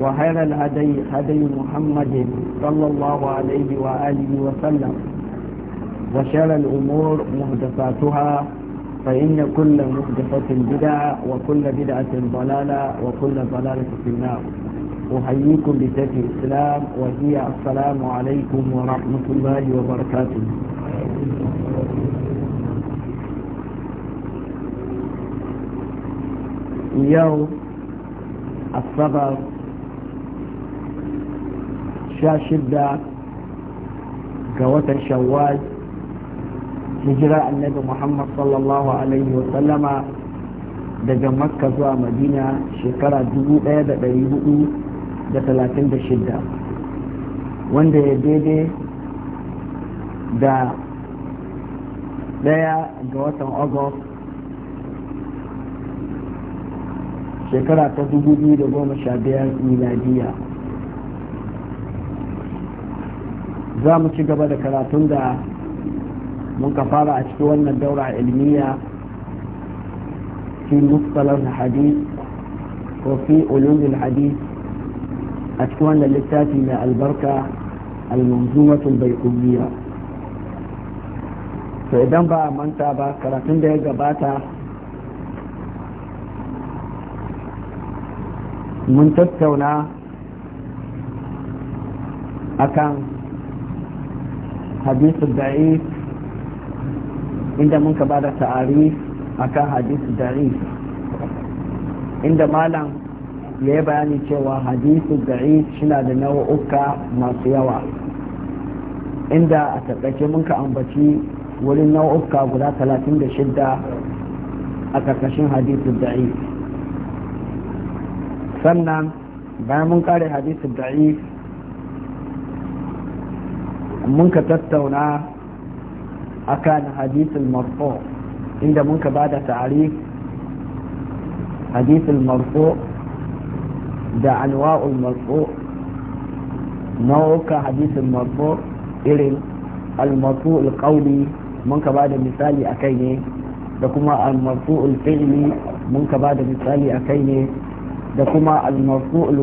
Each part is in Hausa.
وخير الهدي هدي محمد صلى الله عليه وآله وسلم وشر الأمور محدثاتها فإن كل محدثة بدعة وكل بدعة ضلالة وكل ضلالة في النار أحييكم بسيف الإسلام وهي السلام عليكم ورحمة الله وبركاته اليوم السبب sha shidda ga watan shawwal hijira annabi muhammad sallallahu alaihi wa sallama daga makka zuwa madina shekara 1436 wanda ya daidai da daya ga watan agust shekara ta 2015 miladiya za mu ci gaba da karatun da mun ka fara a cikin wannan daura ilmiya fi mustalar hadith ko fi ulumul hadith a cikin wannan littafi mai albarka al bai baiqulliya to idan ba manta ba karatun da ya gabata mun tattauna akan hadisu da'if inda mun ka bada ta'ari akan hadisu da'if inda malam ya yi bayani cewa hadisu da'if shina da nau'uka masu yawa inda a taƙaice mun ka ambaci wurin nau'uka guda 36 a ƙarƙashin hadisu da'if sannan bayan mun kare hadisu da'if mun ka tattauna akan hadisul marfu inda mun ka bada ta'arif hadisul marfu da anwa'ul marfu nau'ukan hadisul marfu irin al-marfu qawli mun ka bada misali akai ne da kuma al-marfu al-fi'li mun ka bada misali akai ne da kuma al-marfu al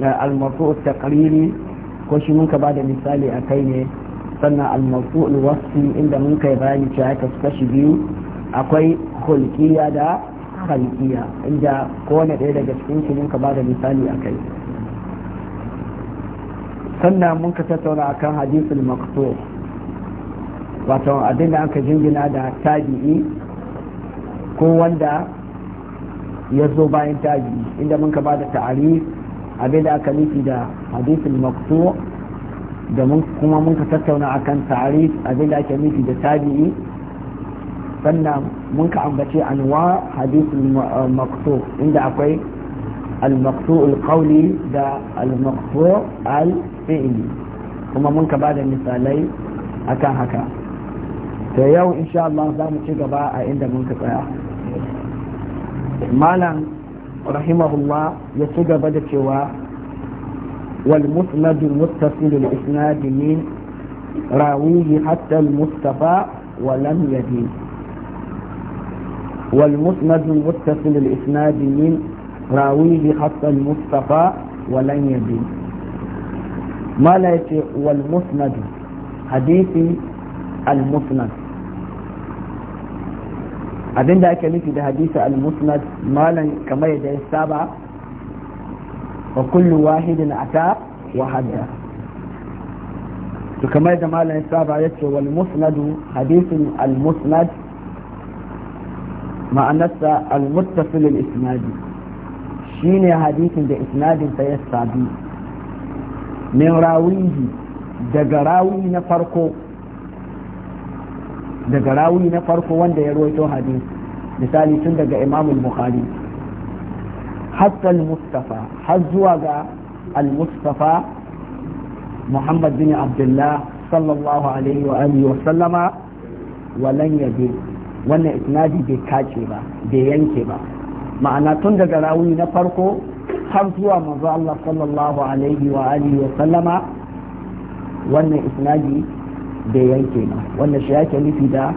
da eh, al-marfu al-taqriri ko shi mun ka ba da misali a kai ne sannan almasu mawsuul wasfi inda mun kai bayani cewa su kashi biyu akwai hulkiya da halkiya inda kowane ɗaya daga cikin shi mun ka ba da misali a kai sannan mun ka tattauna akan hadisul maqtu wato abin da aka jingina da tabi'i ko wanda ya zo bayan tabi'i inda mun ka ba da ta'arif abinda aka nufi da hadithul maktu da kuma mun ka tattauna akan tarif abinda ake nufi da tabi'i sannan mun ka ambace anwa hadithul maktu eh, inda akwai da al-maktu al الفعلي kuma mun ka bada misalai akan haka ta yau insha Allah za mu ci gaba a inda mun ka tsaya malam rahimahullah ya ci gaba da cewa wal musnadu muttasilu li isnadi min rawihi hatta al mustafa wa lam yadin wal musnadu muttasilu li isnadi min rawihi hatta mustafa hadisi al abinda ake nufi da hadisi al-musnad malan kamar yadda ya saba wa kullu wahidin ata wa hadda to kamar da malan ya saba ya ce wal musnadu hadisin al-musnad ma'anarsa al-muttasil al-isnadi shine hadisin da isnadin sa ya sabi min rawihi daga rawi na farko daga rawi na farko wanda ya ruwaito hadin misali tun daga imam al-bukhari hatta al-mustafa har zuwa ga al-mustafa muhammad bin abdullah sallallahu alaihi wa alihi wa sallama walan yabi wannan isnadi bai kace ba bai yanke ba ma'ana tun daga rawi na farko har zuwa manzo Allah sallallahu alaihi wa alihi wa sallama wannan isnadi da yanke na wannan shi yake nufi da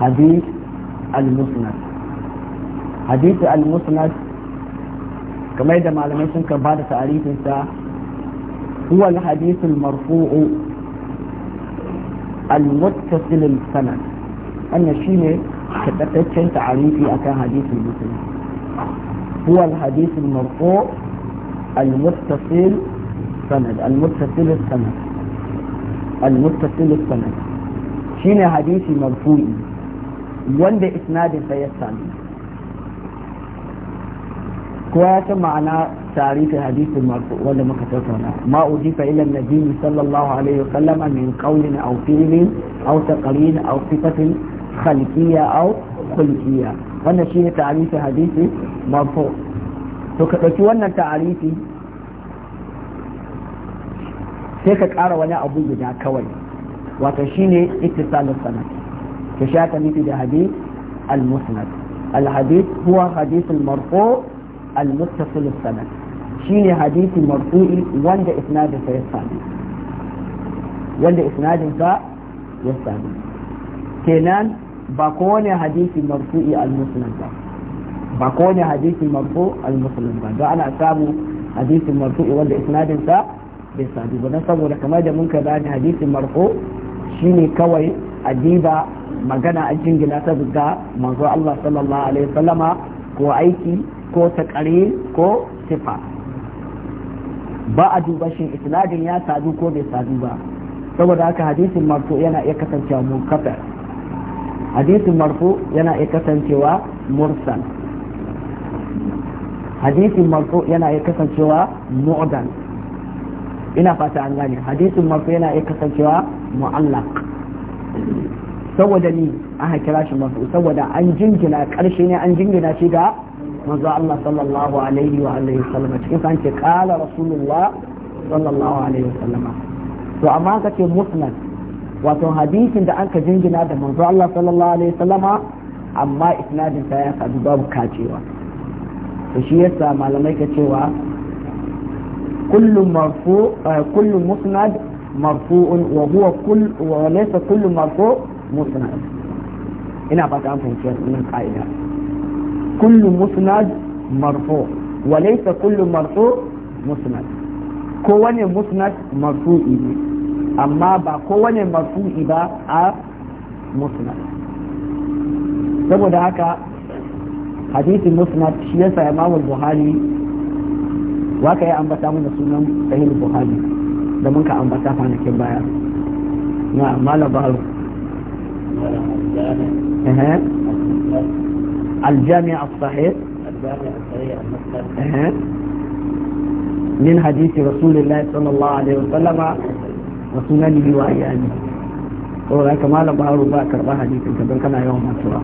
hadith al-musnad hadith al-musnad kamar da malamai sun kan bada ta'arifin sa huwa al-hadith al-marfu'u al-muttasil al-sanad wannan shine tabbataccen ta'arifi akan hadith al-musnad huwa al-hadith al-marfu' al-muttasil sanad al-muttasil sanad al-muttasil sanad shine hadisi marfu'i wanda isnadin sa ya sami kowa ya san ma'ana tarihin hadisin marfu wanda muka tattauna ma ujifa ila nabiyyi sallallahu alaihi wasallam min qawlin aw fi'lin aw taqrin aw sifatin khalqiyya aw khulqiyya wannan shine tarihin hadisi marfu to ka wannan sai ka ƙara wani abu guda kawai wato shine ittisalus sanad ke shaka nufi da hadith al-musnad al-hadith huwa hadith al-marfu al-muttasil sanad shine hadithi marfu'i wanda isnadin sa ya sami wanda isnadin sa ya sami kenan ba kowane hadisi marfu'i al-musnad ba ba kowane hadisi marfu al-musnad ba da ana samu hadisi marfu'i wanda isnadin sa bai sadu ba saboda kamar da mun ka bani hadisin marko shine kawai adiba magana a jingina ta buga manzo Allah sallallahu alaihi wasallama ko aiki ko takare ko sifa ba a duba shin isnadin ya sadu ko bai sadu ba saboda haka hadisin marfu yana iya kasancewa munkafa hadisin marfu yana iya kasancewa mursal hadisin marfu yana iya kasancewa mu'dan ina fata an gane hadisin mafi yana iya kasancewa mu'allaq saboda ni an hakira shi mafi saboda an jingina karshe ne an jingina shi ga manzo Allah sallallahu alaihi wa alihi wasallam cikin kan ce qala rasulullah sallallahu alaihi wasallam to amma ka ce musnad wato hadisin da an ka jingina da manzo Allah sallallahu alaihi wasallam amma isnadin sa ya sadu babu kacewa to shi yasa malamai ka cewa كل مرفوع كل مسند مرفوع وهو كل وليس كل مرفوع مسند ina fata an fahimci wannan ka'ida kullu musnad marfu wa laysa kullu marfu musnad ko wani musnad marfu'i amma ba ko wani marfu'i ba a saboda haka hadisin musnad shi yasa Imam Buhari waka ya ambata mana sunan sahih buhari da mun ka ambata kwanakin baya na malam baro الجامع الصحيح الجامع الصحيح من حديث رسول الله صلى الله عليه وسلم وسننه وأيامه ko da kama da baro ba karba hadisin ka don kana yawan matuwa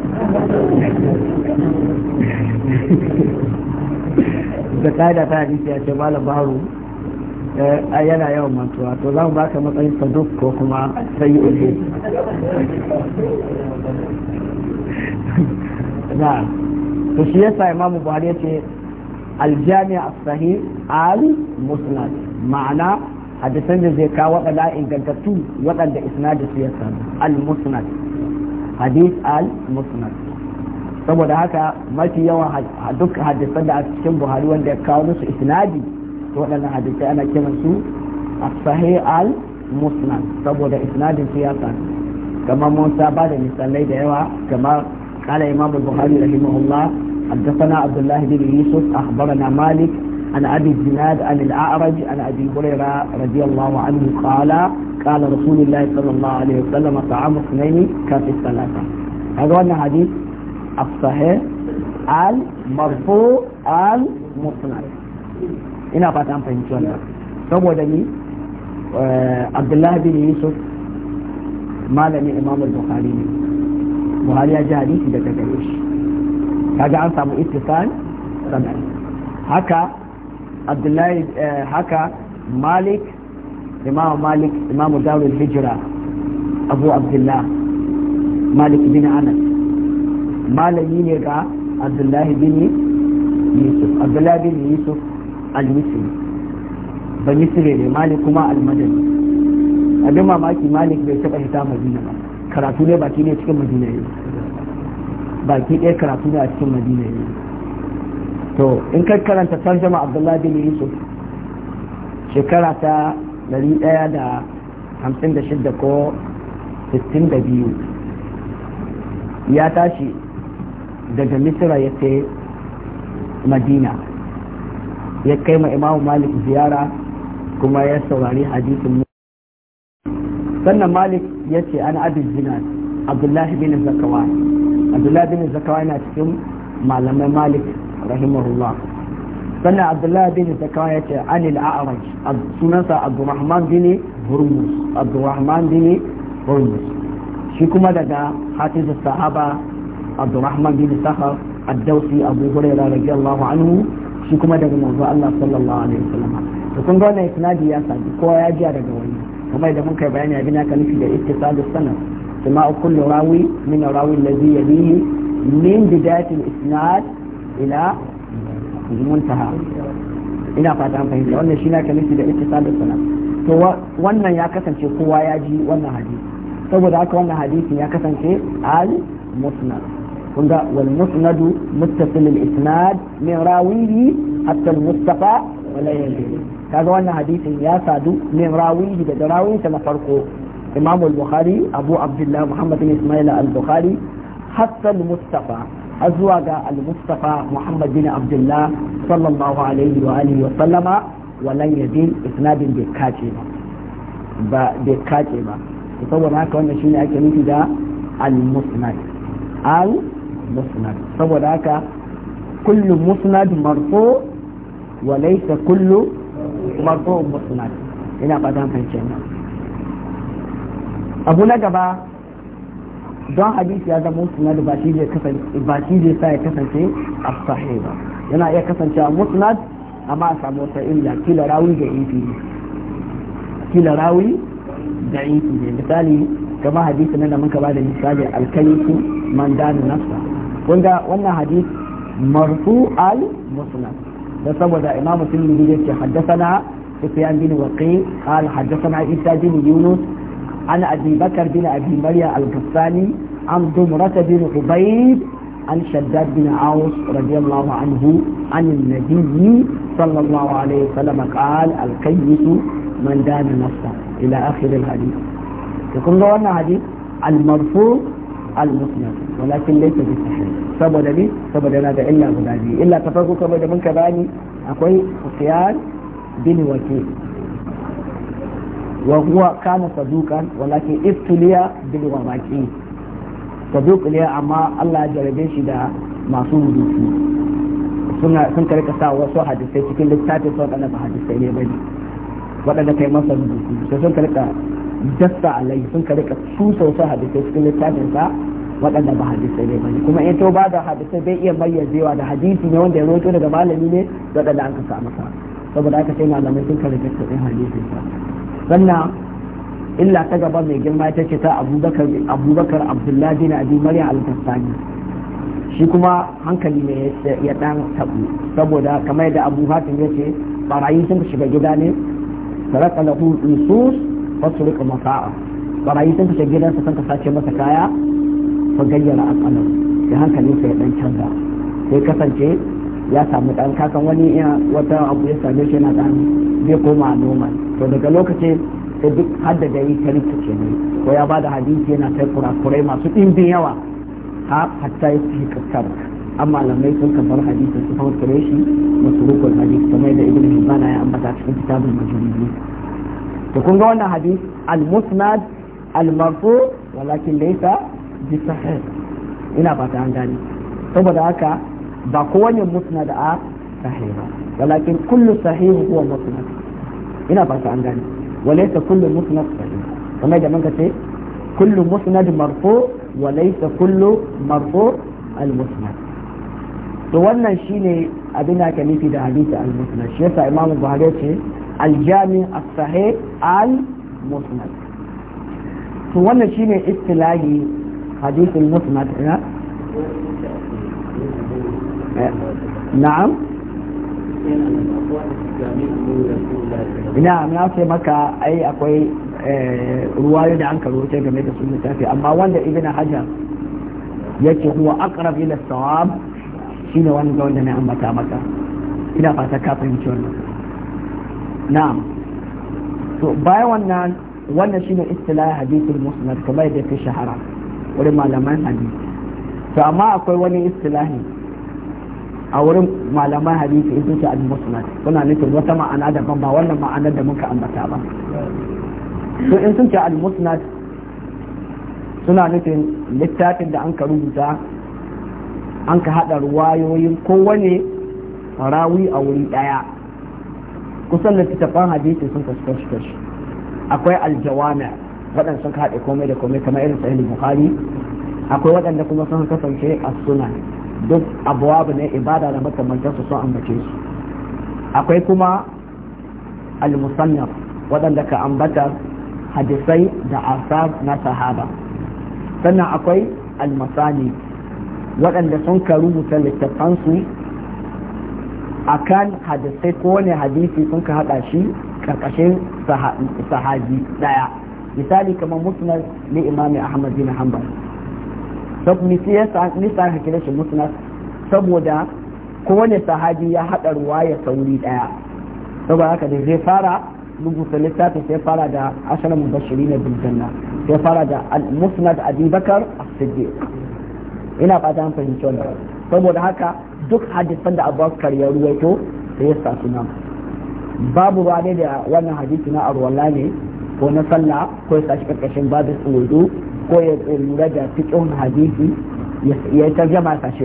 da kada ta hadisi ya ce malam baharu eh, yana yawan mantuwa to za mu baka matsayin saduk ko kuma sai uku na to shi yasa imamu buhari ya ce aljami as al-musnad ma'ana hadisan da zai kawo waɗanda ingantattu waɗanda isnadu su ya samu al-musnad hadis al-musnad saboda haka mafi yawan duk hadisan da a cikin buhari wanda ya kawo musu isnadi to waɗannan hadisai ana kiran su al musnad saboda isnadin su ya sami kamar mun saba da misalai da yawa kamar قال إمام البخاري رحمه الله حدثنا عبد الله بن يوسف أخبرنا مالك عن أبي الزناد عن الأعرج عن أبي هريرة رضي الله عنه قال قال رسول الله صلى الله عليه وسلم طعام اثنين كفي الثلاثة هذا حديث اقصى هي المرفوع المصنع هنا فات ان فهمت ولا سبب دني عبد الله بن يوسف مالني امام البخاري بخاري اجى حديث ده كده كاجا ان سامو اتصال سنن هكا عبد الله آه، هكا مالك امام مالك امام دار الهجره ابو عبد الله مالك بن انس malami ne ga abdullahi bin yusuf abdullahi bin yusuf al-misri ba misri ne malik kuma al-madani abin mamaki malik bai taɓa hita madina ba karatu ne baki ne cikin madina ne baki ɗaya karatu ne a cikin madina ne to in ka karanta tarjama abdullahi bin yusuf shekara ta 156 ko 62 ya tashi daga misira ya ce madina ya kai ma imamu malik ziyara kuma ya saurari hadisin sannan malik ya ce an abin jinan abdullahi bin zakawa abdullahi bin zakawa yana cikin malamai malik rahimahullah sannan abdullahi bin zakawa ya ce an il'a'araj sunansa abdurrahman bin hurmus abdurrahman bin hurmus shi kuma daga hatizu sahaba عبد الرحمن بن سخر الدوسي أبو هريرة رضي الله عنه shi kuma daga manzo Allah sallallahu alaihi wasallam to kun ga wannan isnadi ya sabi kowa ya ji daga wani kuma da mun kai bayani abin aka nufi da ittisalus sanad kuma kullu rawi min rawi alladhi min muntaha ina fata an fahimta wannan shi na ka nufi da ittisalus to wannan ya kasance kowa ya ji wannan hadisi saboda haka wannan hadisin ya kasance al musnad kun ga wal musnadu muttasil al isnad min rawihi hatta al mustafa wala yanzu kaga wannan hadisin ya sadu min rawihi daga rawinsa na farko imam al bukhari abu abdullah muhammad bin ismail al bukhari hatta al mustafa har ga al mustafa muhammad bin abdullah sallallahu alaihi wa alihi wa sallama walan yazin isnadin bai kace ba ba bai kace ba saboda haka wannan shine ake nufi da al musnad al musnad saboda haka kullu musnad marfu wa laysa kullu marfu musnad ina fatan fahimce nan abu na gaba don hadisi ya zama musnad ba shi zai kasance ba shi zai sa ya kasance as-sahih ba yana iya kasancewa musnad amma a samu wata illa kila rawi da ifi kila rawi da ifi misali kama hadisi na da muka ba da misali alkalisu man dana nafsa kun ga wannan hadith marfu al musnad da saboda imam muslim ya ce haddasana sufyan bin waqi qala haddasana isa bin yunus an abi bakar bin abi maryam al-gassani an dumrat bin ubayd عن شداد بن عوف رضي الله عنه عن النبي صلى الله عليه وسلم قال الكيس من دان نفسه إلى آخر الحديث يقول له أن حديث al-musnad walakin laysa bi sahih saboda ne saboda yana da illa guda biyu illa ta farko kamar da mun ka bani akwai sufyan bin wake wa huwa kana saduqan walakin ibtuliya bil wabaqi saduq liya amma Allah ya jarabe shi da masu rubutu suna sun karka sa wasu hadisai cikin littafin sun kana hadisai ne bane waɗanda kai masa rubutu sai sun karka dasta alai sun ka rika susa wasu hadisai cikin littafin sa waɗanda ba hadisai ne bane kuma in ba da hadisai bai iya mayyazewa da hadisi ne wanda ya roto daga malami ne waɗanda an ka samu sa saboda haka sai malamai sun ka rika cikin hadisin sa sannan illa ta gaba mai girma ta ce ta abubakar abdullahi bin abi maryam al-kastani shi kuma hankali ne ya dan tabu saboda kamar da abu hatim ya ce barayi sun shiga gida ne saraka lahu nusus fasu rika masa'a barayi sun fita gidansa sun ka sace masa kaya fa gayyara al'amar sai hankalinsa ya dan canza sai kasance ya samu dan kakan wani ya wata abu ya same shi yana dan zai koma noma to daga lokacin sai duk haddada yi ta rikice ne ko ya da hadisi yana ta kurakurai masu ɗimbin yawa ha hatta ya fi kasar an malamai sun kamar hadisi su hankure shi masu rukun hadisi kamar da ibn hibana ya ambata cikin kitabul majnun to kun ga wannan hadis al-musnad al-marfu walakin laysa bi sahih ina ba fata an gani saboda haka ba kowane musnad a sahih ba walakin kullu sahih huwa musnad ina ba fata an gani walaysa kullu musnad sahih kamar da muka ce kullu musnad marfu walaysa kullu marfu al-musnad to wannan shine abin da ake nufi da hadisi al-musnad shi yasa imamu buhari ce aljami as-sahih al-musnad to wannan shine istilahi hadithul musnad na na'am na'am na ce maka ai akwai ruwayo da an karote game da sun littafi amma wanda ibn hajar yake huwa aqrab ila sawab shine wanda wanda na ambata maka ina fata ka fahimci wannan na'am to bayan wannan wannan shine istilahi hadithul musnad kamar da ta shahara wurin malaman hadisi to amma akwai wani istilahi a wurin malaman hadisi in ce al-musnad suna nufin wata ma'ana daban ba wannan ma'anar da muka ambata ba to in sun ce al-musnad suna nufin littafin da an ka rubuta an ka haɗa ruwayoyin kowane rawi a wuri ɗaya kusan littattafan hadisi sun kasu kashi kashi akwai aljawana waɗanda sun haɗe komai da komai kamar irin sahih bukhari akwai waɗanda kuma sun kasance a suna duk abuwabu na ibada da makamantarsu sun ambace su akwai kuma al waɗanda ka ambata hadisai da asar na sahaba sannan akwai al waɗanda sun ka rubuta littattafansu akan hadisai ko wani hadisi sun ka hada shi ƙarƙashin sahabi ɗaya misali kamar musnad ni imami ahmad bin hanbal sabu nisa ka kira shi musnad saboda kowane sahabi ya hada ruwaya sauri ɗaya saboda haka da zai fara rubuta littafi sai fara da ashirin mubashiri na biljanna sai fara da musnad abubakar as-siddiq ina fata an fahimci wannan saboda haka duk hadisan da abubakar ya ruwaito sai ya sa nan babu ba ne da wannan hadisi na arwala ne ko na sallah ko ya sashi karkashin Babu tsuwudu ko ya lura da fiƙin hadisi ya tarjama sa shi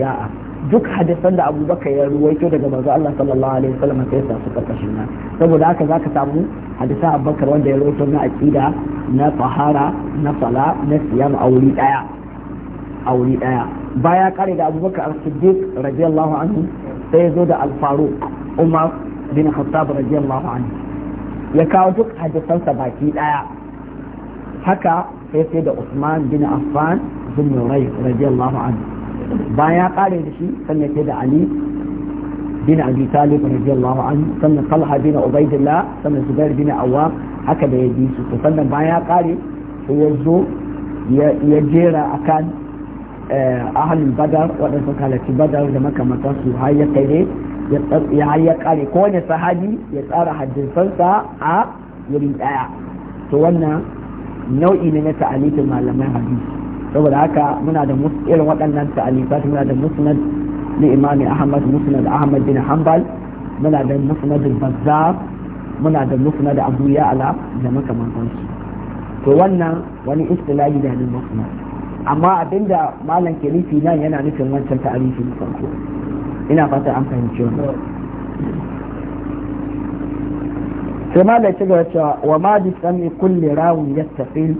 duk hadisan da abubakar ya ruwaito daga manzo Allah sallallahu alaihi wasallam sai sa su karkashin nan saboda haka zaka samu hadisan abubakar wanda ya ruwaito na aqida na tahara na sala na siyam aure ɗaya. daya a wuri baya kare da abubakar as-siddiq radiyallahu anhu sai ya zo da al-faruq umar bin khattab radiyallahu anhu ya kawo duk hadisansa baki daya haka sai sai da usman bin affan bin nurai radiyallahu anhu baya kare da shi sannan sai da ali bin abi talib radiyallahu anhu sannan talha bin ubaidillah sannan zubair bin awwam haka da ya bi su sannan baya kare sai ya zo ya jera akan Eh, ahalul badar waɗansu halarci badar da makamantansu har ya kai ne ya har ya kare kowane sahabi ya tsara hadisansa a wuri ɗaya to wannan nau'i ne na ta'alifin malamai hadisi saboda haka muna da irin waɗannan ta'alifat muna da musnad na imami ahmad musnad ahmad bin hanbal muna da musnad bazzar muna da musnad abu ya'ala da makamantansu to wannan wani istilahi da ne musnad amma abinda malam ke nufi nan yana nufin wancan ta'arifi na farko ina fata an fahimci wannan sai malam ci gaba cewa wa ma bi sami kulli rawun yattaqil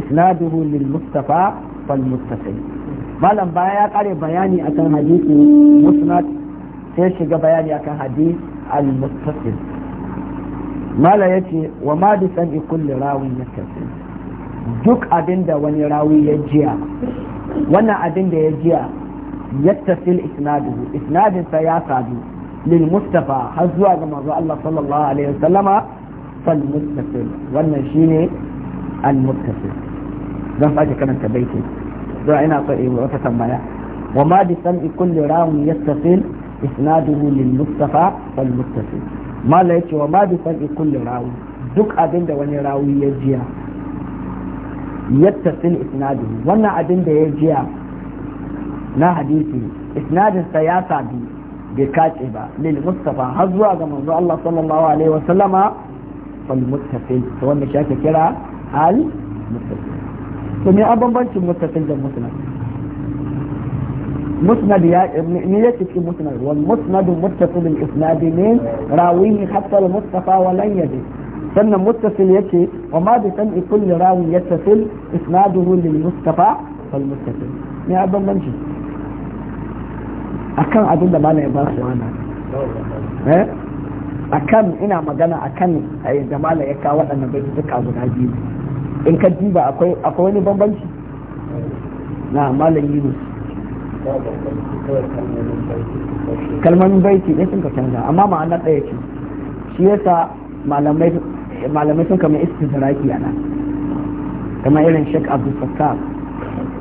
isnaduhu lil mustafa fal muttasil malam baya ya kare bayani akan hadisi musnad sai shiga bayani akan hadis al muttasil malam yace wa ma bi sami kulli rawun yattaqil duk abin da wani rawi ya jiya wannan abin da ya jiya yattasil isnaduhu isnadinsa ya sadu lil mustafa har zuwa ga manzo Allah sallallahu alaihi wasallama fal muttasil wannan shine al muttasil zan fata karanta baitin zuwa ina so in wata tambaya wa ma bi sam'i kulli rawi yattasil isnaduhu lil mustafa fal muttasil mala yace wa ma bi sam'i kulli rawi duk abin da wani rawi ya jiya yattasil isnadu wannan abin da ya jiya na hadisi isnadin sa ya sabi bai kace ba lil mustafa har zuwa ga manzo Allah sallallahu alaihi wa sallama fal muttasil to wanda shi ake kira al muttasil to me abambancin muttasil da musnad مسند يا نيتي في مسند والمسند متصل الاسناد من راويه حتى المصطفى ولن يزيد sannan muttasil yake wa ma bi sam'i kulli rawi yattasil isnaduhu lil mustafa fal muttasil ne a bambanci akan abin da malai ba su wani eh akan ina magana akan eh, da malai ya kawo waɗannan bai duka guda biyu in ka diba akwai akwai wani bambanci na malam yunus kalmomin baiti ne sun ka canza amma ma'ana ɗaya ce shi yasa malamai malamai sun kama a nan kamar irin Sheikh Abdul Fattah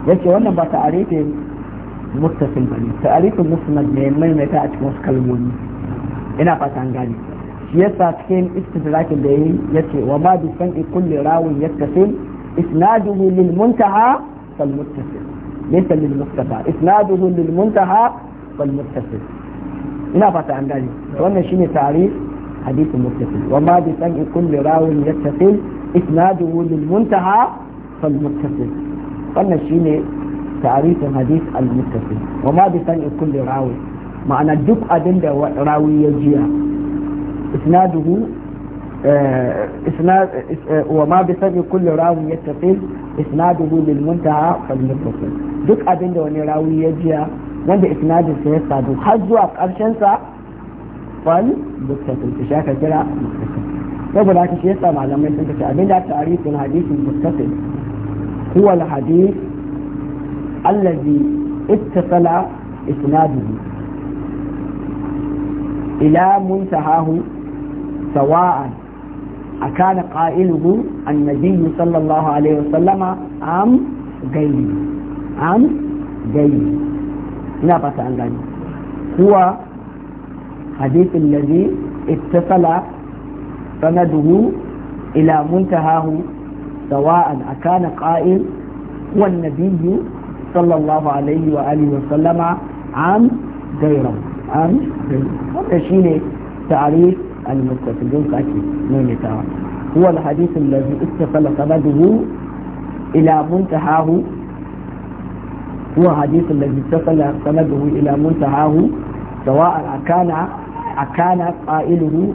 ce wannan ba ta'arifin muttasil bane ta'arifin musnad ne mai mai ta a cikin wasu kalmomi ina fata an gane shi yasa cikin istidrakin da yayi ce wa ma bi san'i kulli rawin yattasil isnaduhu lil muntaha fal muttasil laysa lil mustafa isnaduhu lil muntaha fal muttasil ina fata an gane wannan shine ta'arif حديث متصل وما بسمع كل راو يتصل إسناده للمنتهى فالمتصل قلنا شيء تعريف حديث المتصل وما بسمع كل راو معنى دك أدن راوي يجيها إسناده آه، إسناد آه، وما بسمع كل راوي يتصل إسناده للمنتهى فالمتصل دك أدن راوي يجيها wanda اسناده sa حجوا قرشنسا mukfal buktatun ta shaka kira buktatun saboda haka shi yasa malamai sun kace abin da ta'arifin hadisin buktatun huwa al-hadith allazi ittasala isnaduhu ila muntahahu sawa'an أكان قائله النبي صلى الله عليه وسلم am غيره am غيره ina fata an gani kuwa حديث الذي اتصل سنده إلى منتهاه سواء أكان قائل والنبي صلى الله عليه وآله وسلم عن غيره عن هذا شيء تعريف المتصل بالكاتب من هو الحديث الذي اتصل سنده إلى منتهاه هو حديث الذي اتصل سنده إلى منتهاه سواء أكان أكان قائله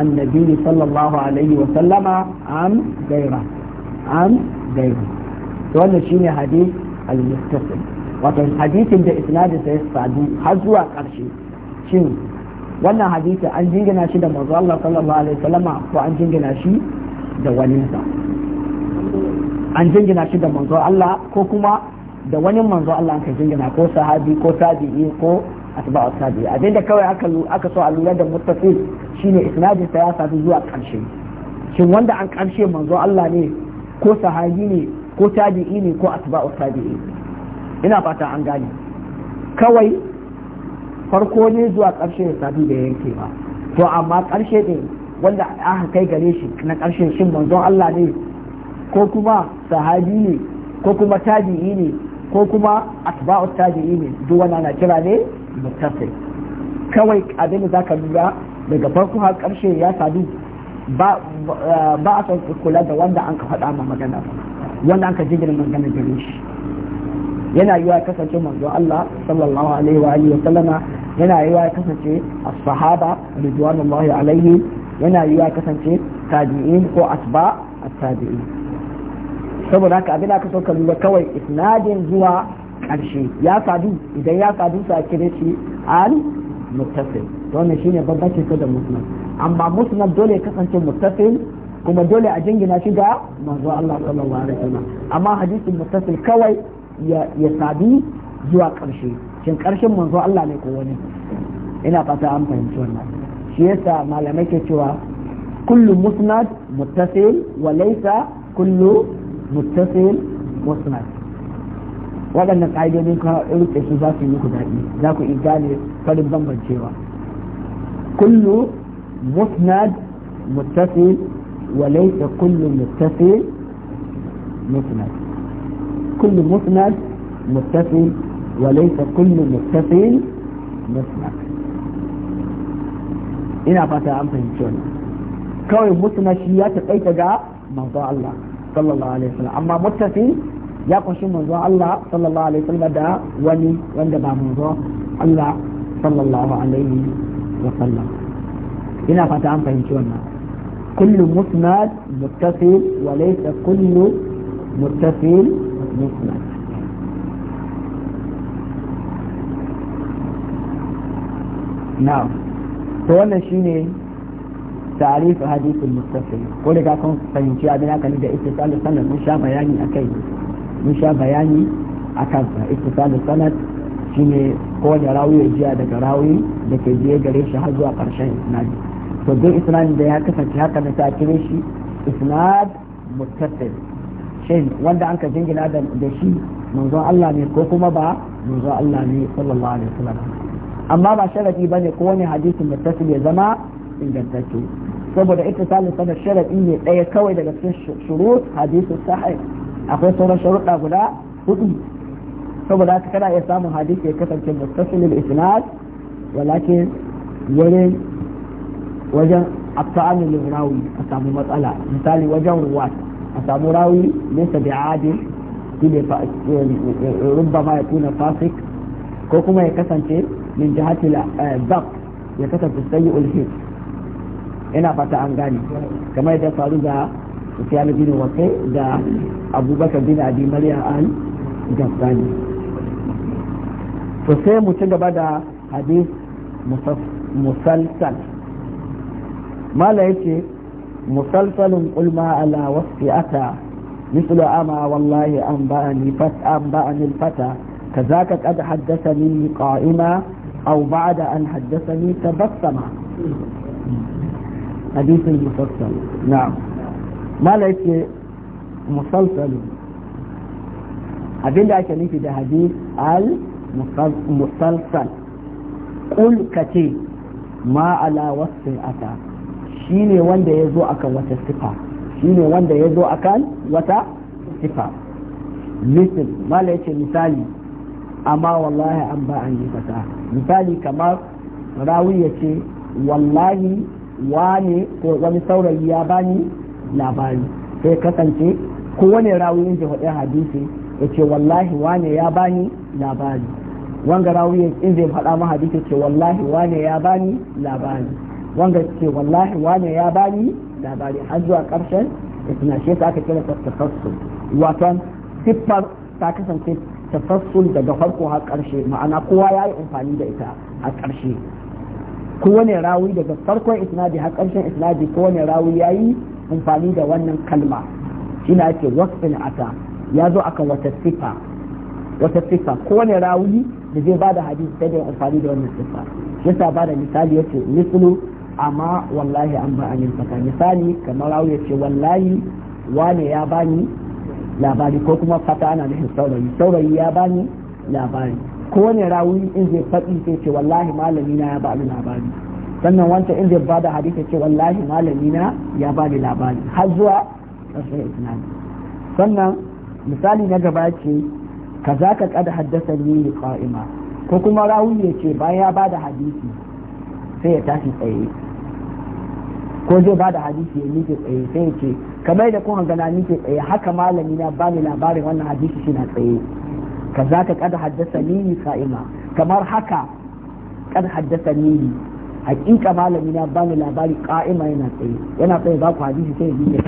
النبي صلى الله عليه وسلم عن غيره عن غيره وأن شيني حديث المتصل وكان حديث ده إسناد سيستعدي حزوى قرشي شنو wannan hadisi an jingina shi da manzo Allah sallallahu alaihi wasallama ko an jingina shi da waninsa an jingina shi da manzo Allah ko kuma da wani manzo Allah ka ko sahabi ko tabi'i ko atba'u tabi'i abinda kawai aka so a lura da muttasil shine isnadin sa ya sadu zuwa karshe shin wanda an karshe manzo Allah ne ko sahabi ne ko tabi'i ne ko atba'u tabi'i ina fata an gane kawai farko ne zuwa karshe ya sadu to amma karshe din wanda aka kai gare shi na karshe shin manzon Allah ne ko kuma sahabi ne ko kuma tabi'i ne ko kuma atba'u tabi'i ne duk na kira ne muttasil kawai abin da zaka lura daga farko har karshe ya sadu ba a son kula da wanda an ka faɗa ma magana wanda an ka jingina magana gare shi yana yi wa kasance manzo Allah sallallahu alaihi wa alihi wa sallama yana yiwa ya kasance as-sahaba ridwanullahi alaihi yana yi wa kasance tabi'in ko asba at-tabi'in saboda haka abin da aka so ka lura kawai isnadin zuwa ƙarshe ya sadu idan ya sadu sa kire shi al muttasil to wannan shine bambancin sa da musnad amma musnad dole ya kasance muttasil kuma dole a jingina shi ga manzo Allah sallallahu alaihi wasallam amma hadisin muttasil kawai ya sadu zuwa ƙarshe shin ƙarshen manzo Allah ne ko wani ina fata an fahimci wannan shi yasa malamai ke cewa kullu musnad muttasil wa laysa kullu muttasil musnad waɗannan ƙa'idodin ka rike su za su yi muku daɗi za ku iya gane farin bambancewa kullu musnad muttasil wa laysa kullu muttasil musnad kullu musnad muttasil wa laysa kullu muttasil musnad ina fata an fahimci wannan kawai musnad shi ya taƙaita ga manzo Allah sallallahu alaihi wasallam amma muttasil ya kunshi manzon Allah sallallahu alaihi wasallam da wani wanda ba manzon Allah sallallahu alaihi wasallam ina fata an fahimci wannan kullu musnad muttasil wa laysa kullu muttasil musnad na'am to wannan shine تعريف حديث المتصل ko da ka kan fahimci abin haka ne da ita sallallahu alaihi mun sha bayani akai mun sha bayani a kansa ittisalus sanad shine kowane rawi ya jiya daga rawi da ke biye gare shi har zuwa karshen isnad to duk isnad da ya kasance haka na ta kire shi isnad muttasil shin wanda an ka jingina da shi manzon Allah ne ko kuma ba manzon Allah ne sallallahu alaihi wasallam amma ba sharadi ba ko wani hadisi muttasil ya zama ingantacce saboda ittisalus sanad sharadi ne ɗaya kawai daga cikin shuru hadisi sahih akwai sauran sharuɗa guda hudu saboda haka kana iya samun hadisi ya kasance muttasilil isnad walakin wurin wajen at-ta'amul rawi a samu matsala misali wajen ruwat a samu rawi laysa bi'adil rubba ma ya kuna fasik ko kuma ya kasance min jihatil eh, zab ya kasance sayyul ulhi ina fata an gane kamar yadda faru da sufyan bin da abubakar bin adi maryam an jassani to sai mu ci gaba da hadith musalsal mala yace musalsalun ulma ala wasfi ata مثل أما والله أنبأني فت أنبأني الفتى كذاك قد حدثني قائما أو بعد أن حدثني تبسما حديث المفصل نعم mala yake musalsalu abinda ake nufi da hadith al musalsal kul kace ma ala wasu ata shine wanda ya zo akan wata sifa shine wanda ya zo akan wata sifa misal mala yake misali amma wallahi an ba an yi fata misali kamar rawi ya ce wallahi wane ko wani saurayi ya bani labari sai kasance kowane rawuyin jihadin hadisi ya ce wallahi wane ya bani labari wanga rawuyin in zai faɗa ma hadisi ce wallahi wane ya bani labari wanga ce wallahi wane ya bani labari har zuwa ƙarshen isna shi aka kira tafassul wato siffar ta kasance tafassul daga farko har ƙarshe ma'ana kowa ya yi amfani da ita a ƙarshe kowane rawi daga farkon isnadi har ƙarshen isnadi kowane rawi ya yi amfani da wannan kalma shi na ake wasfin ata ya zo kan wata sifa wata sifa kowane rawuni da zai bada hadisi sai da amfani da wannan sifa yasa bada misali yace mislu amma wallahi an ba an saka misali kamar rawu yace wallahi wane ya bani labari ko kuma fata ana nufin saurayi saurayi ya bani labari kowane rawuni in zai faɗi sai ce wallahi malami na ya bani labari sannan wancan inda ba da hadisi ce wallahi malami na ya ba da labari har zuwa ƙarshen isnadi sannan misali na gaba ce ka za ka kada haddasa ni qa'ima ko kuma rawi ya ce bayan ya bada da hadisi sai ya tashi tsaye ko zai bada da hadisi ya nike tsaye sai ya ce kamar da kuma gana miƙe tsaye haka malami na ba labarin wannan hadisi shi na tsaye ka za ka kada haddasa ni qa'ima kamar haka kada haddasa ni hakika malami na bani labari ka'ima yana tsaye yana tsaye ba ku hadisi sai yi ne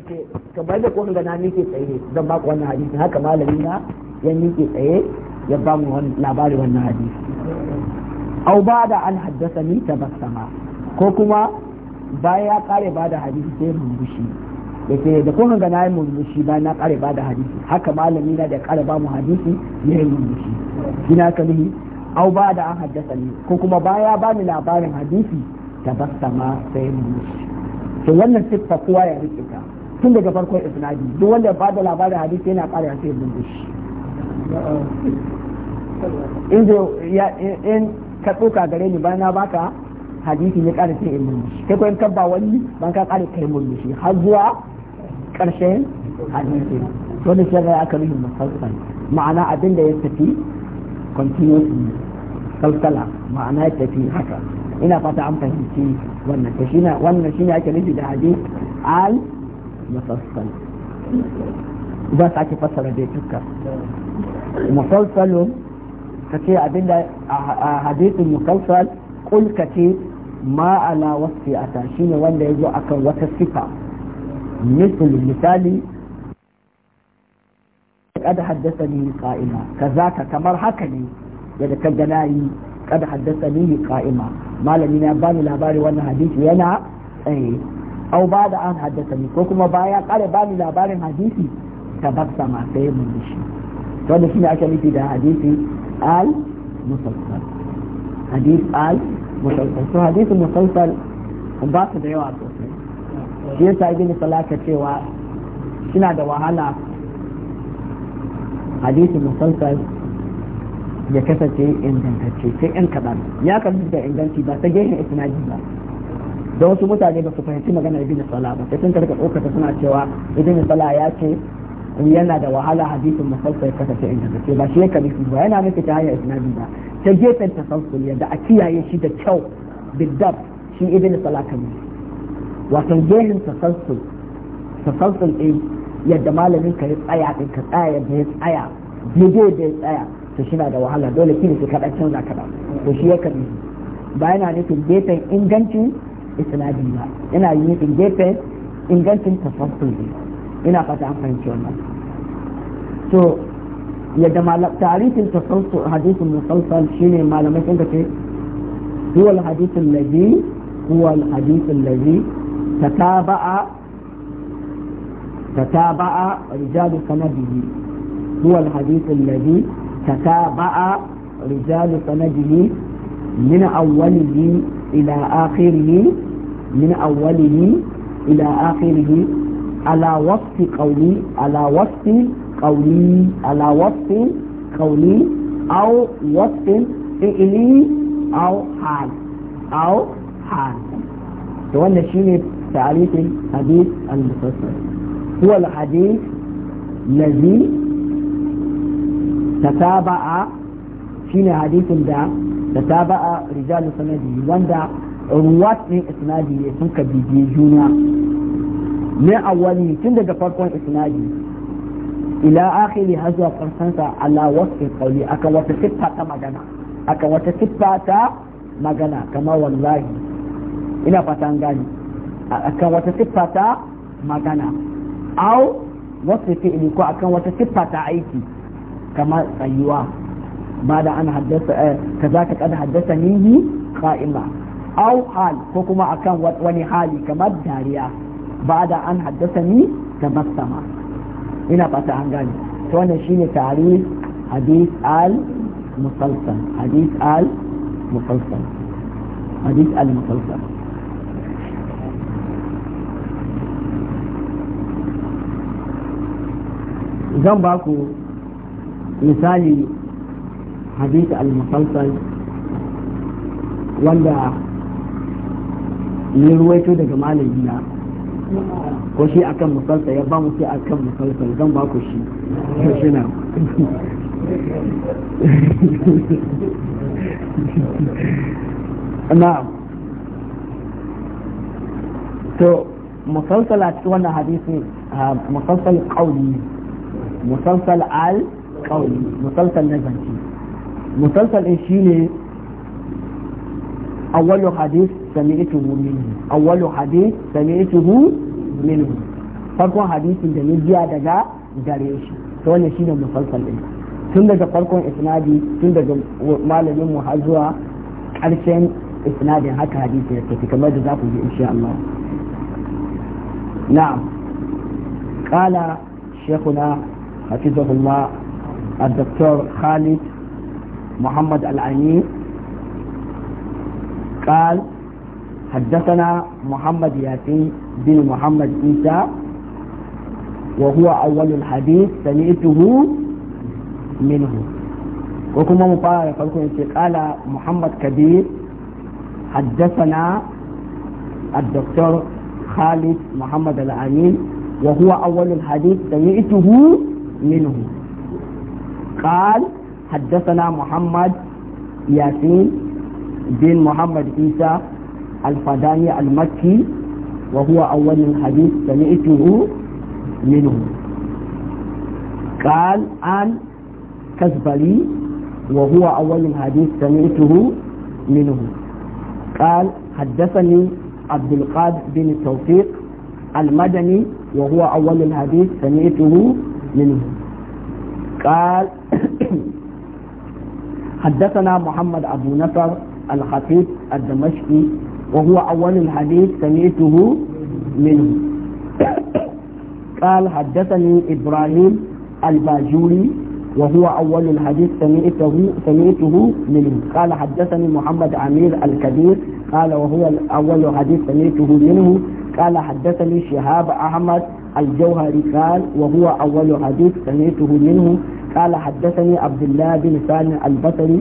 ka kamar da ko ga na nike tsaye zan ba ku wannan hadisi haka malami na ya nike tsaye ya ba mu labari wannan hadisi au ba da an haddasa ni tabassama ko kuma bayan ya kare ba da hadisi sai mumbushi da ke da kun ga na yi murmushi bayan na kare ba da hadisi haka malami na da kare ba mu hadisi ya yi mumbushi shi kalihi au ba da an haddasa ni ko kuma baya ba ni labarin hadisi tabassama sai murmushi to wannan siffa kowa ya rike ta tun daga farkon isnadi duk wanda ba da labarin hadisi yana ƙara sai murmushi in in ka tsoka gare ni bayan baka hadisi ne ƙara sai murmushi kai ko in ka ba wani ban ka ƙara kai murmushi har zuwa ƙarshen hadisi wannan shi ya aka rubuta ma'ana abin da ya tafi continuously kalkala ma'ana tafi haka ina fata an fahimci wannan to shine wannan shine ake nufi da hadith al mufassal ba ta ake fassara da tukka mufassalun kace abinda a hadithin mufassal kul kace ma ala wasfi'ata shine wanda yazo akan wata sifa misali misali قد حدثني قائما كذاك كمر حكني daga kan ganayi kada haddathani qa'ima malami na bani labari wannan hadisi yana tsaye au an haddathani ko kuma baya kare bani labarin hadisi tabassama sai mun dishi to da shine ake nufi da hadisi al musalsal hadis al musalsal to hadisi musalsal ba su da yawa sosai shi yasa ibn cewa suna da wahala hadisi musalsal ya kasance ingantacce sai yan kaɗan ya kasu da inganci ba ta gehen isnadi ba da wasu mutane ba su fahimci magana ibn sala ba sai sun karka tsokata suna cewa ibn sala ya ce yana da wahala hadisin musalsal ya kasance ingantacce ba shi ya kabi ba yana nufi ta hanyar isnadi ba ta gefen tasawsul yadda a kiyaye shi da kyau bidab shi ibn sala kan wato gehen tasawsul tasawsul ɗin yadda malamin ka ya tsaya din ka tsaya yadda ya tsaya daidai da ya tsaya to shi na da wahala dole ne su kaɗan canza kaɗan to shi ya kan yi ba yana nufin gefen ingancin isnadi ba yana nufin gefen ingancin tafafin ne ina fata an fahimci wannan to yadda tarihin tafafin hadisin musalsal shine malamai sun ce duwal hadisin lazi duwal hadisin lazi ta alladhi تتابع رجال سنده هو الحديث الذي تتابع رجال سنده من أوله إلى آخره من أوله إلى آخره على وصف قولي على وصف قولي على وصف قولي أو وصف فعلي أو حال أو حال وأن شيء تعريف الحديث المفصل هو الحديث الذي تتابع شين حديث دا تتابع رجال سنده وندا روات من إسناده سنك بيجيجونا من أوله تندق فرقون إسناده إلى آخر هذا فرسانسا على وصف قولي أكا وتصفة مغانا أكا وتصفة مغانا كما والله إلى فتان غاني أكا وتصفة مغانا au wasu fi'ili ko akan wata siffa ta aiki kamar tsayuwa ba da an haddasa eh, za ka kada haddasa nihi qa'ima au hal ko kuma akan wani hali kamar dariya ba da an haddasa ni tabassama ina fata an gane to wannan shine tarih hadith al musalsal hadith al musalsal hadith al musalsal zan ba ku misali hadith al-musalsal wanda ya ruwaito daga malami na ko shi akan musalsal ya ba mu shi akan musalsal zan ba ku shi shi na na'am to musalsal a cikin wannan hadisi musalsal qawli musalsal al qawli musalsal na zance musalsal din shine awwalu hadith sami'tuhu minhu awwalu hadith sami'tuhu minhu farkon hadisin da ni jiya daga gare shi to wannan shine musalsal din tun daga farkon isnadi tun daga malamin mu har zuwa ƙarshen isnadin haka hadisi ya tafi kamar da za ku ji insha Allah حفظه الله الدكتور خالد محمد العيني قال حدثنا محمد ياسين بن محمد عيسى وهو أول الحديث سمعته منه وكما مبارك قال محمد كبير حدثنا الدكتور خالد محمد العميل وهو أول الحديث سمعته منه قال حدثنا محمد ياسين بن محمد عيسى الفداني المكي وهو أول الحديث سمعته منه قال عن كزبلي وهو أول الحديث سمعته منه قال حدثني عبد القادر بن التوفيق المدني وهو أول الحديث سمعته منه قال حدثنا محمد أبو نصر الخطيب الدمشقي وهو أول الحديث سمعته منه قال حدثني إبراهيم الباجوري وهو أول الحديث سمعته سمعته منه قال حدثني محمد عمير الكبير قال وهو الأول حديث سمعته منه قال حدثني شهاب أحمد الجوهري قال وهو أول حديث سمعته منه قال حدثني عبد الله بن سالم البصري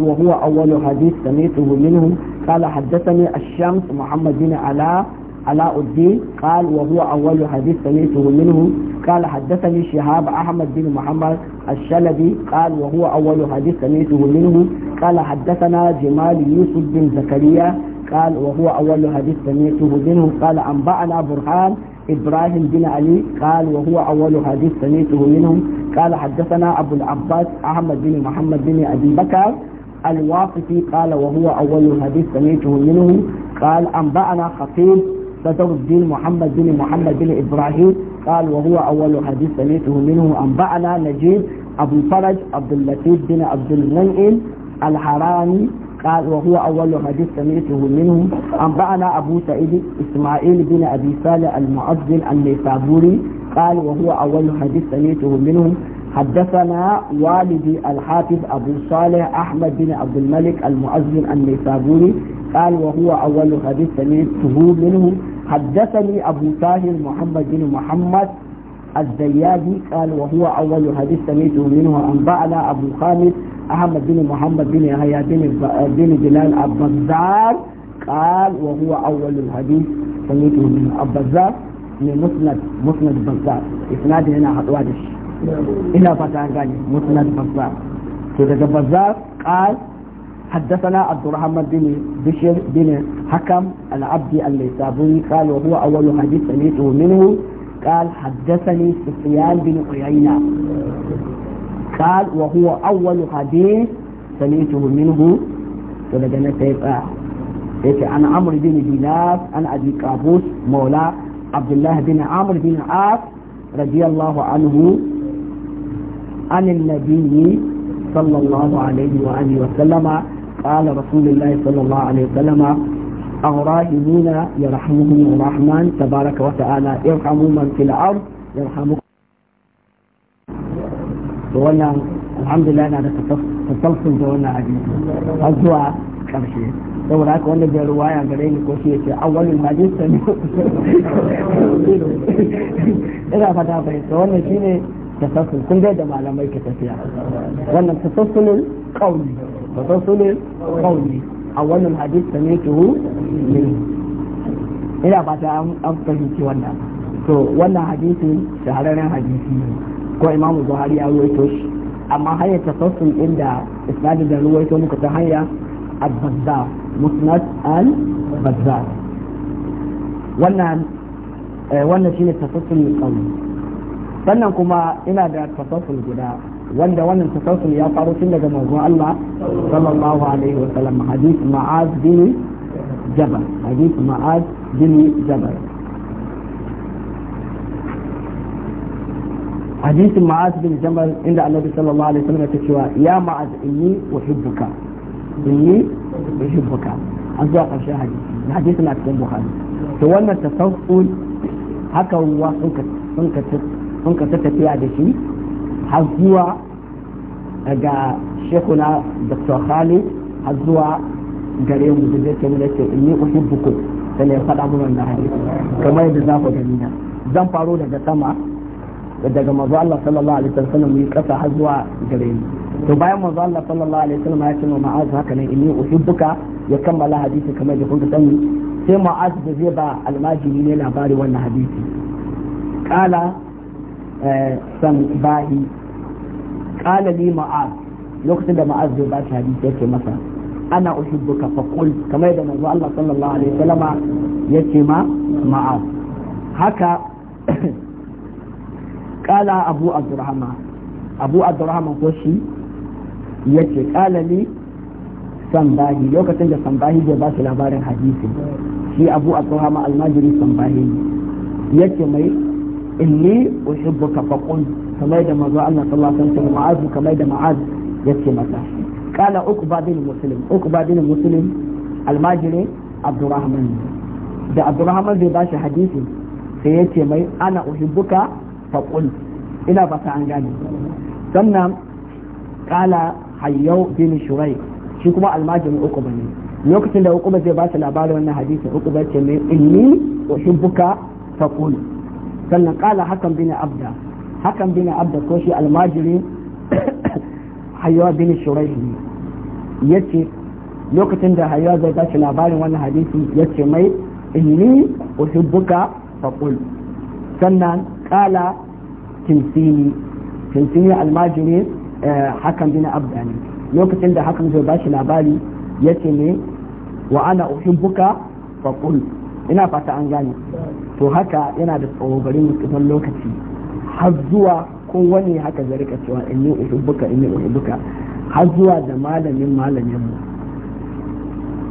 وهو أول حديث سمعته منه قال حدثني الشمس محمد بن علاء علاء الدين قال وهو أول حديث سمعته منه قال حدثني شهاب أحمد بن محمد الشلبي قال وهو أول حديث سمعته منه قال حدثنا جمال يوسف بن زكريا قال وهو أول حديث سمعته منه قال أنبأنا برهان إبراهيم بن علي قال وهو أول حديث سمعته منهم قال حدثنا أبو العباس أحمد بن محمد بن أبي بكر الواقفي قال وهو أول حديث سمعته منه قال أنبأنا خطيب صدر الدين محمد بن محمد بن إبراهيم قال وهو أول حديث سمعته منه أنبأنا نجيب أبو فرج عبد اللطيف بن عبد المنعم الحراني قال وهو أول حديث سمعته منه أنبأنا أبو سعيد إسماعيل بن أبي صالح المؤذن النيسابوري قال وهو أول حديث سمعته منهم حدثنا والدي الحافظ أبو صالح أحمد بن عبد الملك المؤذن النيسابوري قال وهو أول حديث سمعته منه حدثني أبو طاهر محمد بن محمد الزيادي قال وهو أول حديث سميته منه أنبأنا أبو خالد أحمد بن محمد بن يحيى بن بن جلال البزار قال وهو أول الحديث سميته منه البزار من مسند مسند بزار إسناد هنا حطوادش إلى فتاة مسند بزار كده بزار قال حدثنا عبد الرحمن بن بشير بن حكم العبدي الليثابوري قال وهو أول حديث سمعته منه قال حدثني سفيان بن عيينة قال وهو أول حديث سمعته منه ولدنا سيفا يتي عن عمرو بن دينار عن أبي قابوس مولى عبد الله بن عمرو بن عاص رضي الله عنه عن النبي صلى الله عليه وآله وسلم قال رسول الله صلى الله عليه وسلم أو راحمين يرحمهم الرحمن تبارك وتعالى ارحموا من في الأرض يرحمكم وانا الحمد لله أنا تسلسل da wannan hadisi har zuwa ƙarshe saboda haka wanda bai ruwaya gare ni ko shi yace awwalul hadis ta ne ina fata bai to wannan shine tasassul kun ga da malamai ke tafiya wannan tasassulul qawli tasassulul qawli awwalul hadith tuhu ne, ina ta an fahimci wannan to wannan hadisi shahararren hadisi ne ko imamu buhari ya ruwaito shi amma hanyar tasassun inda isnadi da ruwaito muka ta hanya al bazza musnad al bazza wannan eh, wannan shine tasassun qawl sannan kuma ina da tasassun guda wanda wannan tafasul ya faru tun daga manzon Allah sallallahu alaihi wa sallam hadith ma'az bin jabal hadith ma'az bin jabal حديث معاذ بن جبل عند النبي صلى الله عليه وسلم تشوى يا معاذ إني أحبك إني أحبك أزواق الشيء حديث الحديث لا تكون بخاري فوانا تتوصل haka wa sun ka tafiya da shi har zuwa daga shekuna dr khalid har zuwa gare mu da zai mu da ke inni buku da ya faɗa mu wannan hari kamar yadda za ku gani na zan faro daga sama daga mazu Allah sallallahu alaihi wasallam mu yi kasa har zuwa gare mu to bayan mazu Allah sallallahu alaihi wasallam ya ce ma ma'az haka nan inni buka ya kammala hadisi kamar yadda kun ga sani sai ma'az da zai ba almajiri ne labari wannan hadisi kala Eh, san bayi qala ni ma'az lokacin da ma'az zai ba shi hadisi yake masa ana uhibbuka fa qul kamar da manzo Allah sallallahu alaihi wasallama yace ma ma'az haka qala abu abdurrahman abu abdurrahman ko shi yace qala li sambahi lokacin da sambahi zai ba shi labarin hadisi shi abu abdurrahman almajiri sambahi yace mai inni uhibbuka faqul kamar da manzo Allah sallallahu alaihi wasallam ma'az kamar da ma'az yace masa qala uqba bin muslim uqba bin muslim almajiri abdurrahman da abdurrahman bai bashi hadisi sai yace mai ana uhibbuka faqul ina fata an gane sannan qala hayyau bin shurai shi kuma almajiri uqba ne lokacin da uqba zai bashi labarin wannan hadisi uqba ce mai inni uhibbuka faqul sannan kala hakan bin abda hakan bin abda ko shi almajiri hayya bin shuraihi yace lokacin da hayya zai tashi labarin wannan hadisi yace mai inni uhibbuka faqul sannan kala tinsini tinsini almajiri eh, hakan bin abda ne lokacin da hakan zai bashi labari yace ne wa ana uhibbuka faqul ina fata an gane to haka yana da tsawon bari lokaci har zuwa ko wani haka zai rika cewa in yi uhibbuka in yi uhibbuka har zuwa da malamin malamin mu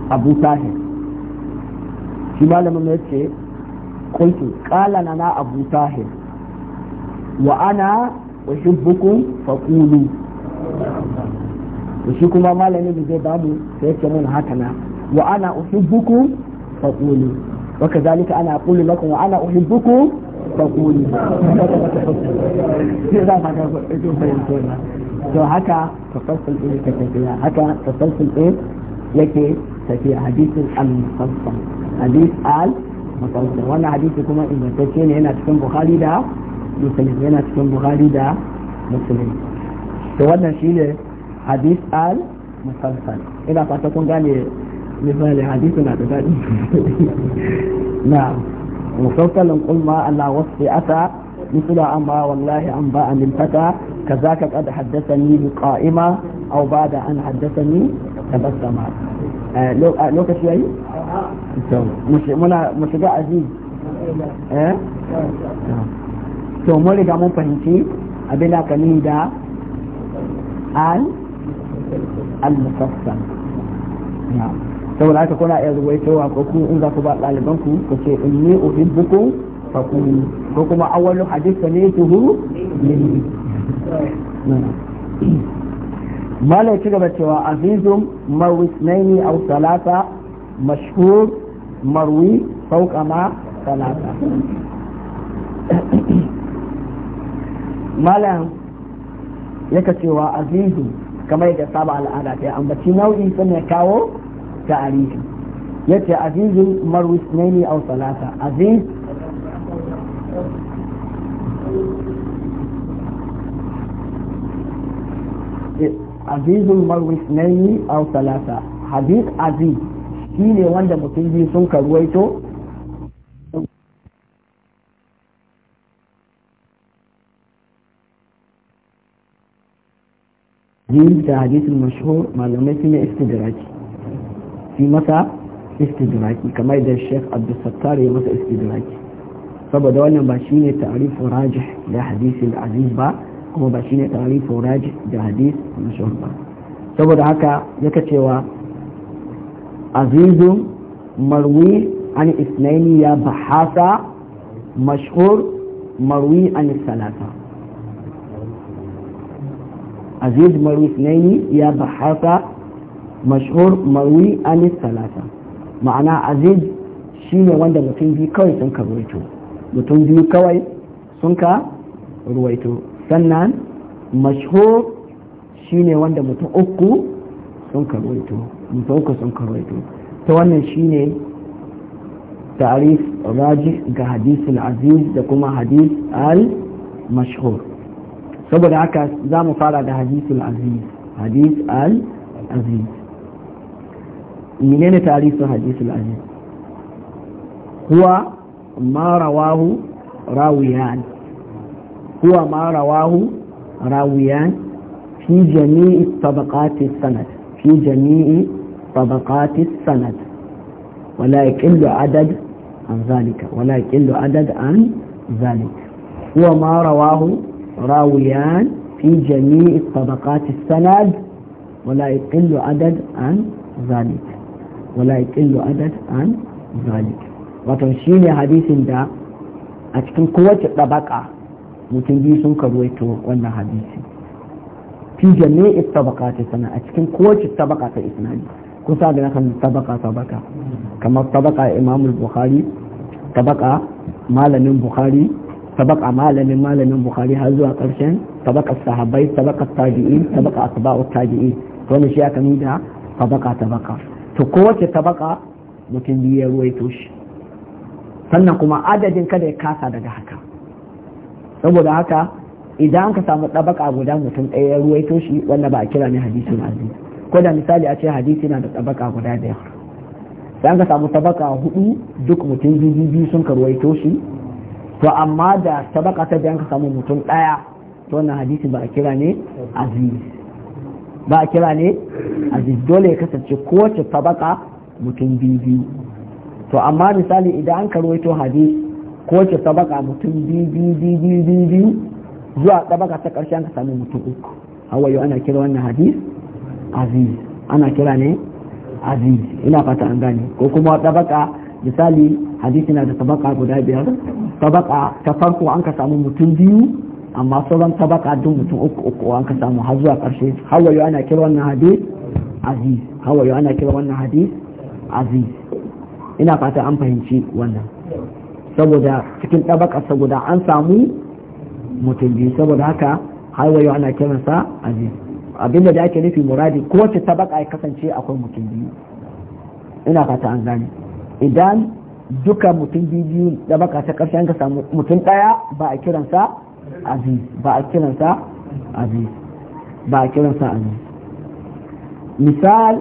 Abu Tahir shi malamin ce yace kala na na Abu Tahir wa ana uhibbukum faqulu shi kuma malamin zai bamu sai ya ce mana haka na wa ana uhibbukum faqulu وكذلك أنا أقول لكم وأنا أحبكم فقولوا إذا ما فهمتونا to haka tasalsul ɗin ka tafiya haka tasalsul ɗin yake tafiya hadisin al-musalsal hadis al-musalsal wannan hadisi kuma ingantacce ne yana cikin bukhari da muslim yana cikin bukhari da muslim to wannan shine hadis al-musalsal ina fata kun gane misali hadisi na da daɗi na mufassalin kulma ala wasu ata مثل أما والله أنباء من فتى كذاك ka حدثني بقائمة أو بعد أن حدثني تبسم آه لو آه لو كشوي مش منا مش mu shiga aji. Eh? to mun riga mun fahimci abin da ka da al al saboda haka kuna iya ruwaitowa ko ku in za ku ba ɗaliban ku ku ce in ne buku fa ku ko kuma awwalu hadith ne tuhu lillahi malai ci gaba cewa azizum marwisnaini aw salata mashhur marwi fawqa ma salata malam yaka cewa azizu kamar yadda saba al'ada ta ambaci nau'i sun ya kawo ta'arifi yace azizun marwi sunaini aw salasa aziz eh, azizun marwi sunaini aw salasa hadith aziz shine wanda mutum biyu sun karuwaito جيل تحديث المشهور معلومات من في متى استدراكي كما إذا الشيخ عبد الستار يمتى استدراكي فبدأ أن باشين تعريف راجح لحديث العزيز با كما باشين تعريف راجح لحديث مشهور با فبدأ هكا يكتوى عزيز مروي عن اثنين يا بحاثة مشهور مروي عن الثلاثة عزيز مروي اثنين يا بحاثة mashhur marwi anis talata ma'ana aziz shine wanda mutum biyu kawai sun ka ruwaito mutum biyu kawai sun ka ruwaito sannan mashhur shine wanda mutum uku sun ka ruwaito mutum uku sun ka ruwaito ta wannan shine ta'arif raji ga hadisul aziz da kuma hadis al mashhur saboda haka za mu fara da hadisul aziz hadis al aziz منين تعريف الحديث الأجل هو ما رواه راويان هو ما رواه راويان في جميع طبقات السند في جميع طبقات السند ولا يقل عدد عن ذلك ولا يقل عدد عن ذلك هو ما رواه راويان في جميع طبقات السند ولا يقل عدد عن ذلك wala yaqillu adad an zalik wato shine hadisin da a cikin kowace tabaka mutum biyu sun karwaito wannan hadisi fi jami'i tabaqati sana a cikin kowace tabaka ta isnadi kusa da kan tabaka tabaka kamar tabaka imamul bukhari tabaka malamin bukhari tabaka malamin malamin bukhari har zuwa karshen tabaka sahabbai tabaka tabi'in tabaka asba'u tabi'in to ne shi aka nuna tabaka tabaka to kowace tabaka mutum biyu ya ruwaito shi sannan kuma adadin kada ya kasa daga haka saboda haka idan ka samu tabaka guda mutum ɗaya ya ruwaito shi wanda ba a kira ne hadisin aziz ko da misali a ce hadisi na da tabaka guda biyar sai ka samu tabaka hudu duk mutum biyu biyu sun ka ruwaito shi to amma da tabaka ta biyan ka samu mutum ɗaya to wannan hadisi ba a kira ne aziz ba a kira ne aziz dole ya kasance kowace tabaka mutum biyu biyu to amma misali idan an to hadis kowace tabaka mutum biyu biyu biyu biyu biyu zuwa tabaka ta karshen ka sami mutum uku yau ana kira wannan hadis aziz ana kira ne aziz ina fata an gane ko kuma tabaka misali hadisi na da tabaka guda biyar tabaka ta farko an ka samu mutum biyu amma sauran tabaka dun mutum uku uku an ka samu har zuwa karshe hawayo ana kira wannan hadis aziz hawayo ana kira wannan hadis aziz ina fata an fahimci wannan saboda cikin tabaka saboda an samu mutum biyu saboda haka hawayo ana kiransa aziz abinda da ake nufi muradi wace tabaka ya kasance akwai mutum biyu ina fata an gane idan duka mutum biyu tabaka ta karshe an ka samu mutum daya ba a kiransa aziz ba a kiransa aziz misal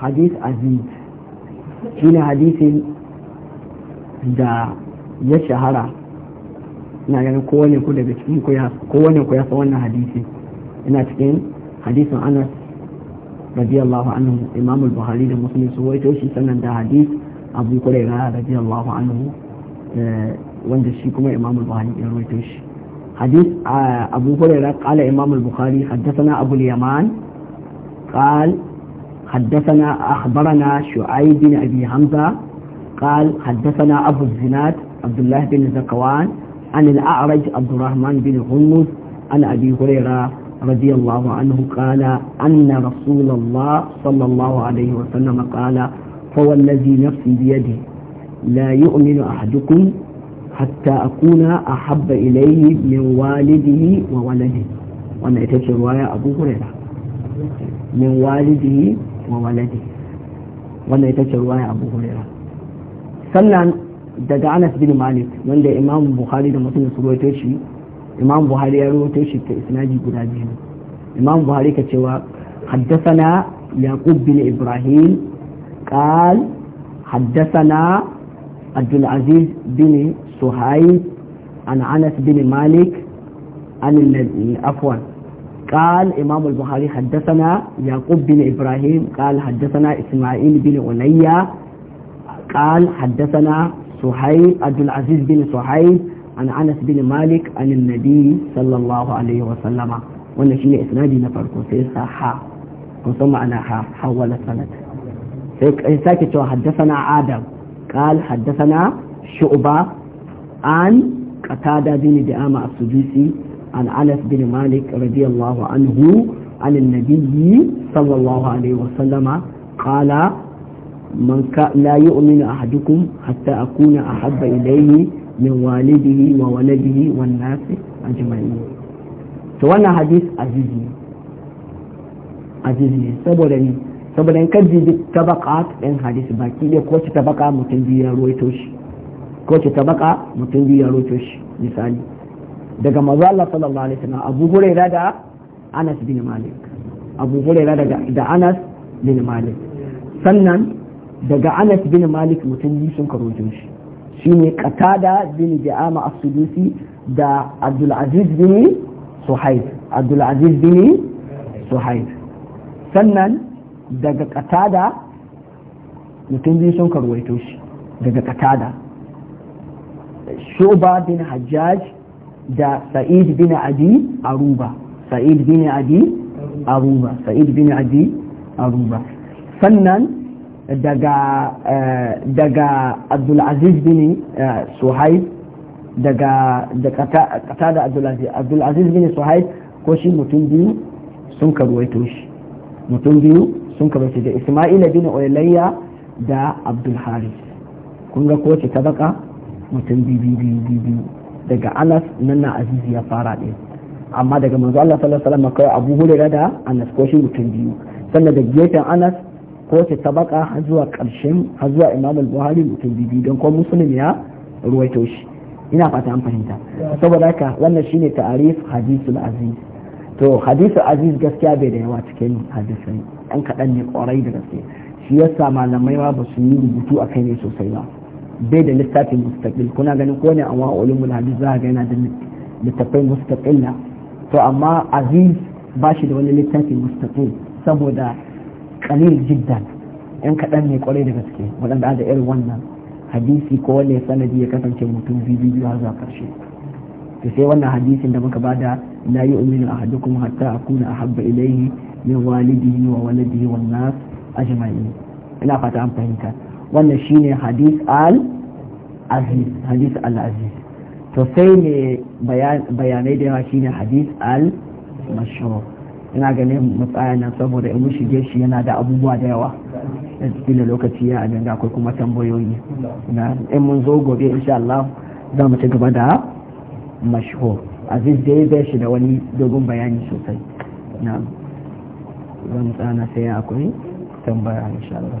hadith aziz shine hadisin da ya shahara ina ganin kowane ku daga cikin kowane ku ya san wannan hadisi ina cikin hadisin anas radiyallahu anhu imam al buhari da muslim su waito shi sannan da hadis abu kuraira radiyallahu anhu eh, wanda shi kuma imam al-bukhari ya waito shi حديث آه، أبو هريرة قال إمام البخاري حدثنا أبو اليمان قال حدثنا أخبرنا شعيب بن أبي حمزة قال حدثنا أبو الزناد عبد الله بن زكوان عن الأعرج عبد الرحمن بن غنوس عن أبي هريرة رضي الله عنه قال أن رسول الله صلى الله عليه وسلم قال فوالذي نفسي بيده لا يؤمن أحدكم hatta a habba ilayhi min walidihi wa waladihi wannan ita ce ruwaya abu huraira min walidihi wa waladihi wannan ita ce abu sannan daga anas bin malik wanda imam buhari da mutum su ruwaito shi imam buhari ya ruwaito shi ta isnadi guda biyu imam buhari ka cewa حدثنا bin Ibrahim, إبراهيم قال حدثنا عبد العزيز bin. سهيب عن أنس بن مالك عن عفوا قال إمام البخاري حدثنا يعقوب بن إبراهيم قال حدثنا إسماعيل بن أنية قال حدثنا سهيب عبد العزيز بن سهيب عن أنس بن مالك عن النبي صلى الله عليه وسلم wannan shine isnadi na farko sai sa ha kun san ma'ana ha hawala sanad sai sake cewa haddathana adam qal haddathana shu'ba an katada bin da'ama as-sudisi an anas bin malik radiyallahu anhu عن النبي صلى الله عليه وسلم قال من لا يؤمن أحدكم حتى أكون أحب إليه من والده وولده والناس أجمعين وانا حديث عزيزي عزيزي سبولني saboda in kaji tabaqat ɗin hadisi baki ɗaya ko ta tabaka mutum biyu ya ruwaito shi ko ce ta baka mutum biyu ya roto shi misali daga mazu Allah sallallahu alaihi wasallam Abu Hurairah da Anas bin Malik Abu Hurairah daga da Anas bin Malik sannan daga Anas bin Malik mutum biyu sun karoto shi shine Qatada bin Ja'ama as-Sudusi da Abdul Aziz bin Suhaib Abdul Aziz bin Suhaib sannan daga Qatada mutum biyu sun karwaito shi daga Qatada shuba bin hajjaj da sa'id bin adi aruba sa'id bin adi aruba sa'id bin adi aruba sannan daga eh, daga abdulaziz bin eh, suhaib daga da kata da abdulaziz abdulaziz bin suhaib ko shi mutum biyu sun karuwaito shi mutum biyu sun karuwaito da isma'ila bin oyalayya da abdulharis kun ga kowace tabaka mutum biyu daga anas nan na azizi ya fara ɗin amma daga manzo Allah sallallahu alaihi wasallam kai abu Hurairah da anas ko shi mutum biyu sannan da gefen anas ko ta tabaka har zuwa ƙarshen har zuwa imam al-buhari mutum biyu don ko muslim ya ruwaito shi ina fata an fahimta saboda haka wannan shine ta'arif hadithul aziz to hadithul aziz gaskiya bai da yawa cikin hadisin an kaɗan ne ƙwarai da gaske shi yasa malamai ma ba su yi rubutu a kai ne sosai ba bai da littafin mustaqil kuna ganin ko ne amma ulumul hadith za ga yana da littafai mustaqilla to amma aziz ba shi da wani littafin mustaqil saboda kalil jiddan yan kaɗan ne kwarai da gaske waɗanda da irin wannan hadisi ko wanda ya sanadi ya kasance mutum biyu har zuwa ƙarshe to sai wannan hadisin da muka bada la yu'minu ahadukum hatta akuna ahabba ilayhi min walidihi wa waladihi wan nas ajma'in ina fata an fahimta wannan shine hadis al aziz hadis al aziz to sai ne bayanai da yawa shine hadis al mashhur ina ganin matsaya nan saboda in shige shi yana da abubuwa da yawa da cikin lokaci ya abin da akwai kuma tambayoyi in mun zo gobe insha Allah za mu ci gaba da mashhur aziz dai bai shi da wani dogon bayani sosai na zan tsana sai akwai tambaya insha Allah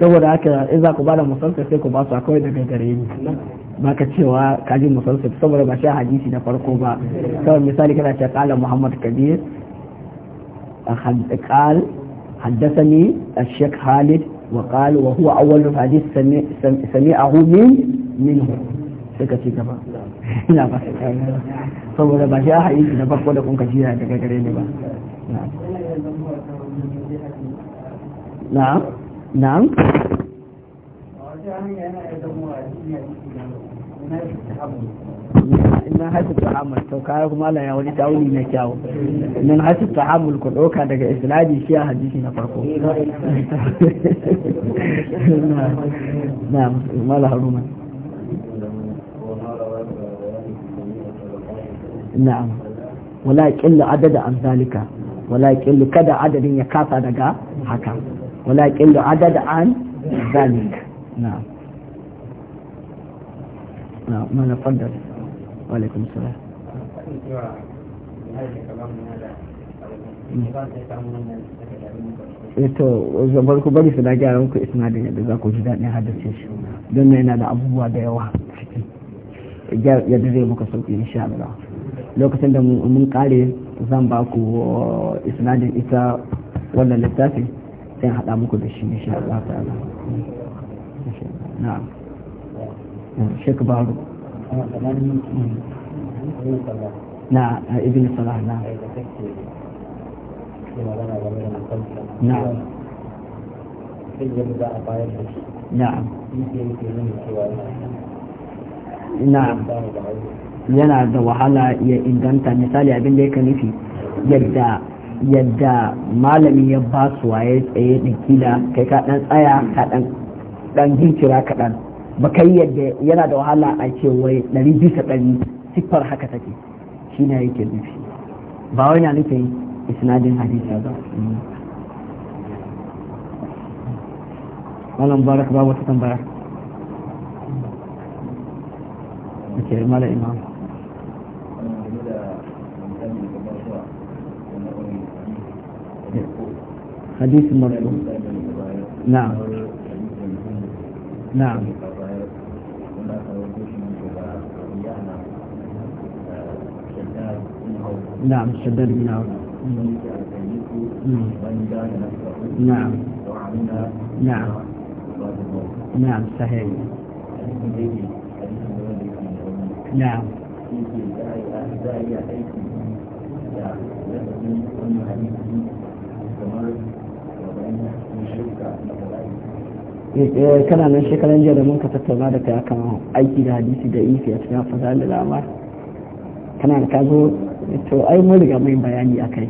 saboda haka in za ku bada musamman sai ku ba su akwai daga gare ni ba ka cewa ka ji saboda ba shi hadisi na farko ba kawai misali kana ce kala muhammad kabir قال حدثني الشيخ خالد وقال وهو أول حديث سمعه من منه سكتي كما لا بس saboda ba shi a hadisi na farko da kun ka jira daga gare ni ba na'am na'am nan hasu ta'amul to kaya kuma ya wani na kyawu nan hasu ku doka daga islami shi a hadisi na farko na'am mala haruna na'am wala qilla adada an zalika wala qilla kada adadin ya kasa daga haka ولكن يقل عدد عن ذلك نعم نعم ما نقدر وعليكم السلام to zabar ku bari su da gyara muku isna da yadda za ku ji daɗin haddace shi don na yana da abubuwa da yawa yadda zai muka sauƙi in sha Allah lokacin da mun kare zan ba ku isnadin ita wannan littafin sai haɗa muku da shi insha Allah ta'ala na'am shek na ibn salah na yana da wahala ya inganta misali abin da yake nufi yadda yadda malami ya ba su waye tsaye da kila kai ka dan tsaya ka dan dan jinkira ka dan ba kai yadda yana da wahala a ce wai ɗari bisa ɗari siffar haka take shi ne yake nufi ba wai na nufin isnadin hadisa ba malam barak ba wata tambaya ake mala imam حديث مرفوع نعم نعم نعم الشداد بن عوف نعم نعم نعم صحيح نعم نعم kana nan shekaran jiya da mun ka tattauna da kai akan aiki da hadisi da isi a cikin fasahar da lamar kana da kazo to ai mun riga mai bayani akai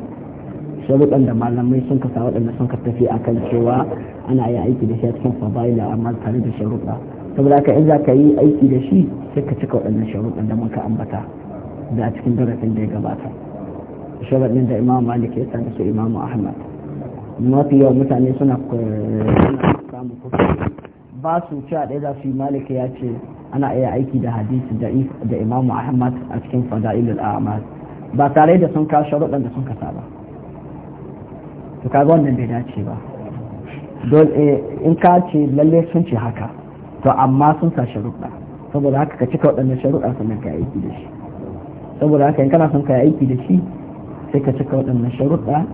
sharuɗan da malamai sun kasa waɗanda sun ka tafi akan cewa ana yin aiki da shi a cikin fabaila amma tare da sharuɗa saboda haka in za ka yi aiki da shi sai ka cika waɗannan sharuɗan da muka ambata da a cikin darasin da ya gabata sharaɗin da imam malik ya sa da su imam ahmad mafi yawan mutane suna samun kusa ba su ci a ɗaya za su yi malik ya ce ana iya aiki da hadisi da imamu ahmad a cikin fada'ilul a'mal ba tare da sun kashe rudan da sun kasa ba to kaga wannan bai dace ba don eh, in ka ce lalle sun ce haka to amma sun sa sharuɗa saboda haka ka cika waɗannan sharuɗa sannan ka aiki da shi saboda haka in kana son ka aiki da shi sai ka cika waɗannan sharuɗa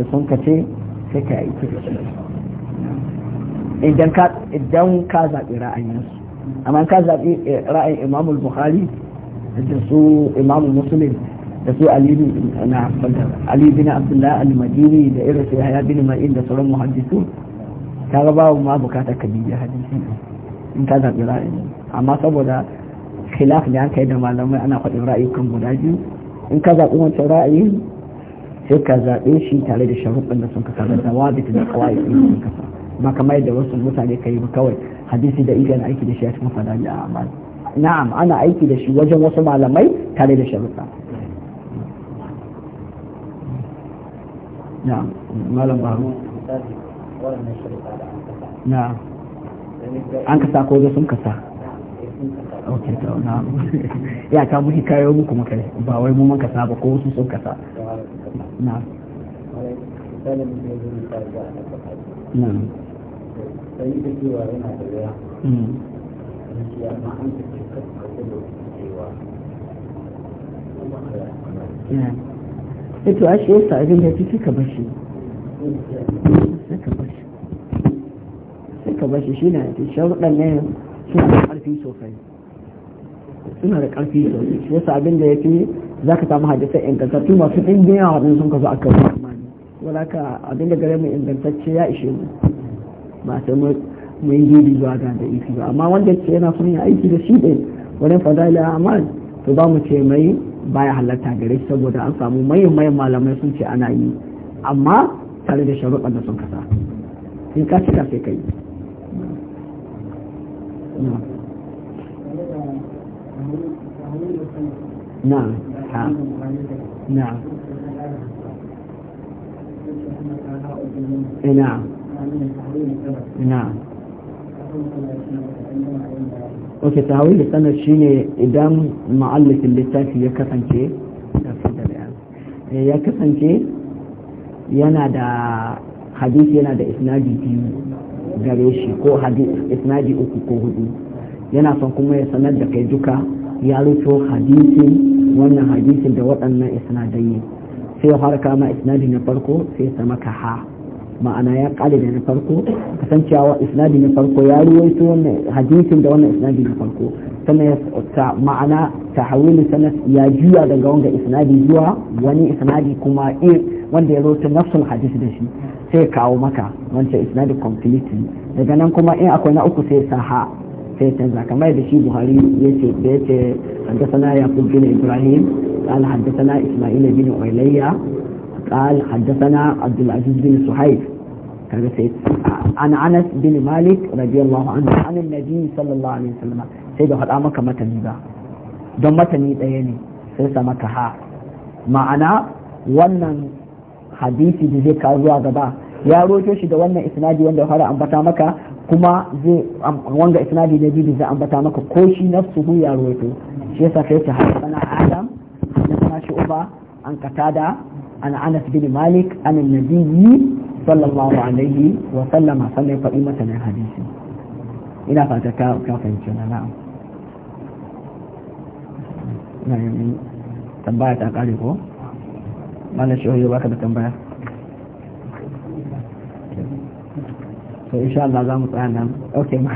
da sun ka ce sai ka yi idan ka idan ka zaɓi ra'ayinsu amma ka zaɓi eh, ra'ayin imamul bukhari da su imamul muslim da su ali bin abdullah al-madini da irin sai haya bin ma'in da sauran muhaddisu ta ga babu ma bukatar ka bibiya hadisi in ka zaɓi ra'ayin amma saboda khilaf ne an kai da malamai ana faɗin ra'ayi kan guda biyu in ka zaɓi wancan ra'ayin. sai ka zaɓe shi tare da sharuɗin da sun kasa da dawabit da kawai sun kasa ba kamar yadda wasu mutane ka yi ba kawai hadisi da iya aiki da shi a cikin fadali a amal na'am ana aiki da shi wajen wasu malamai tare da sharuɗa na'am malam baru na'am an kasa ko sun kasa ok to na'am ya ta muhi kayo muku muka ba wai mu kasa ba ko wasu sun kasa نعم نعم Ito a shi yasa abin da fi ka bashi. Saka bashi. bashi shi na da sharuɗan ne suna da ƙarfi sosai. Suna da ƙarfi sosai. Shi yasa abin da ya fi za ka samu hadisai ingantattu masu ɗimbin yawa waɗanda sun kasu akan amani wala ka abin da gare mu ingantacce ya ishe mu ba sai mu yi gidi zuwa ga da ifi ba amma wanda ce yana son yin aiki da shi ɗin wurin fadala amal to ba mu ce mai baya halarta gare shi saboda an samu mayan mayan malamai sun ce ana yi amma tare da sharuɗan da sun kasa in ka cika sai kai. نعم نعم نعم نعم ok tawili sanar shine idan ma'allafin littafi ya kasance ya kasance yana da hadisi yana da isnadi biyu gare shi ko hadisi isnadi uku ko hudu yana son kuma ya sanar da kai duka ya rufe hadisin wannan hadisin da waɗannan isnadai sai har kama isnadi na farko sai sama ka ha ma'ana ya ƙare da na farko kasancewa isnadi na farko ya ruwaito wannan hadisin da wannan isnadi na farko sannan ya ta ma'ana hawili sannan ya juya daga wanda isnadi zuwa wani isnadi kuma in wanda ya rawaito nafsul hadis da shi sai kawo maka wancan isnadi completely daga nan kuma in akwai na uku sai sa ha sai canza kamar da shi buhari yace da yace haddathana yaqub bin ibrahim قال حدثنا إسماعيل بن عليا قال حدثنا عبد العزيز بن صهيب عن أنس بن مالك رضي الله عنه عن النبي صلى الله عليه وسلم سيدو هذا ما كما تنيبا don matani ɗaya ne sai sa ha ma'ana wannan hadisi da zai kawo gaba ya roto shi da wannan isnadi wanda fara ambata maka kuma zai wanga isnadi da biyu zai ambata maka ko shi hu ya ruwaito shi yasa sai ta hasana adam shi uba an katada an anas bin malik an nabiyyi sallallahu alaihi wa sallama sannan faɗi mata na hadisi ina fata ka ka fahimci na na'am ina yi tambaya ta kare ko malam shi ya baka da tambaya فإن شاء الله هذا متعلم أوكي نعم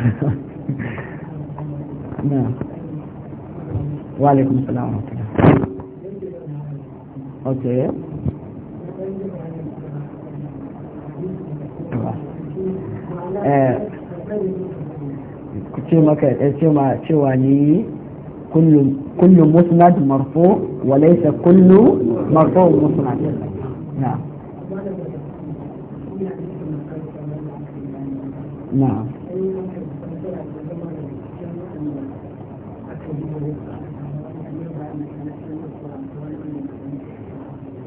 وعليكم السلام ورحمة الله أوكي كما كما شواني كل كل مسند مرفوع وليس كل مرفوع مسند نعم نعم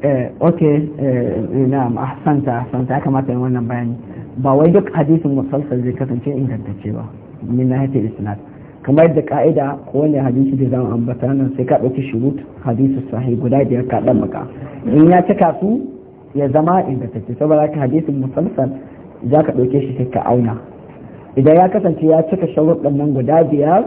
eh okay eh, na'am ahsanta ahsanta ya kamata yin wannan bayani ba wai duk hadisin musalsal zai kasance ingantacce ba min nahiyatul isnad kamar yadda ka'ida ko wani hadisi da zama ambata nan sai ka ɗauki shurut hadisu sahih guda biyar ka dan maka in ya cika su ya zama ingantacce saboda ka hadisin musalsal za ka dauke shi sai ka auna idan ya kasance ya cika sharuɗan nan guda biyar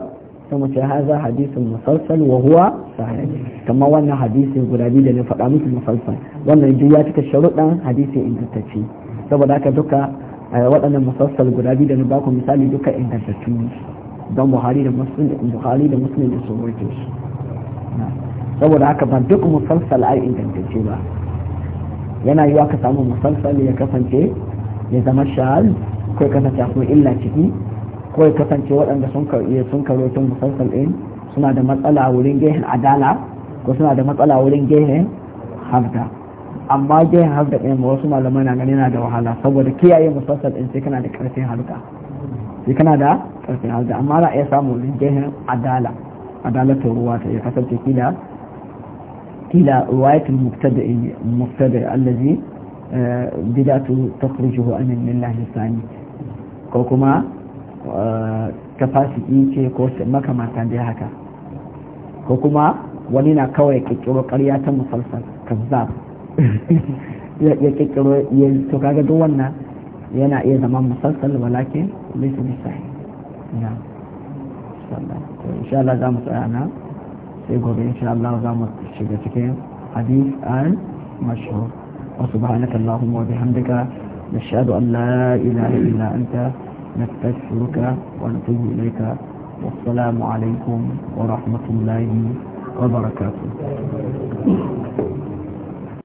sai mu ce haza hadisin musalsal wa huwa sahih kamar wannan hadisin guda biyu da na faɗa musu musalsal wannan duk ya cika sharuɗan hadisi ingantacce saboda haka duka waɗannan musalsal guda biyu da na baku misali duka ingantattu don buhari da muslim buhari da muslim da surwaje shi saboda haka ba duk musalsal ai ingantacce ba yana yiwa ka samu musalsal ya kasance ya zama shahal ko kasance akwai illa ciki ko ya kasance waɗanda sun karɓi eh, sun karɓi tun musalsal ɗin suna da matsala wurin gehen adala ko suna da matsala wurin gehen hafda amma gehen hafda ɗin ba wasu malamai na gani na da wahala saboda kiyaye musalsal ɗin sai kana da ƙarfin hafda sai kana da ƙarfin hafda amma za a iya samun wurin gehen adala adalatar ruwa ta ya kasance kila kila ruwayatul mubtada'i mubtada'i allazi eh, bid'atu takhrujuhu an min lahi sani ko kuma eh, ta ce ko makamantan dai haka ko kuma wani na kawai kirkiro karya ta musalsal kazzab ya kirkiro ya to kaga duk wannan yana iya zama musalsal walakin laysa bi sahih na insha Allah za mu tsaya na sai gobe insha Allah za mu shiga cikin hadith al mashhur wa subhanaka allahumma wa bihamdika نشهد أن لا إله إلا أنت نستشرك ونتوب إليك والسلام عليكم ورحمة الله وبركاته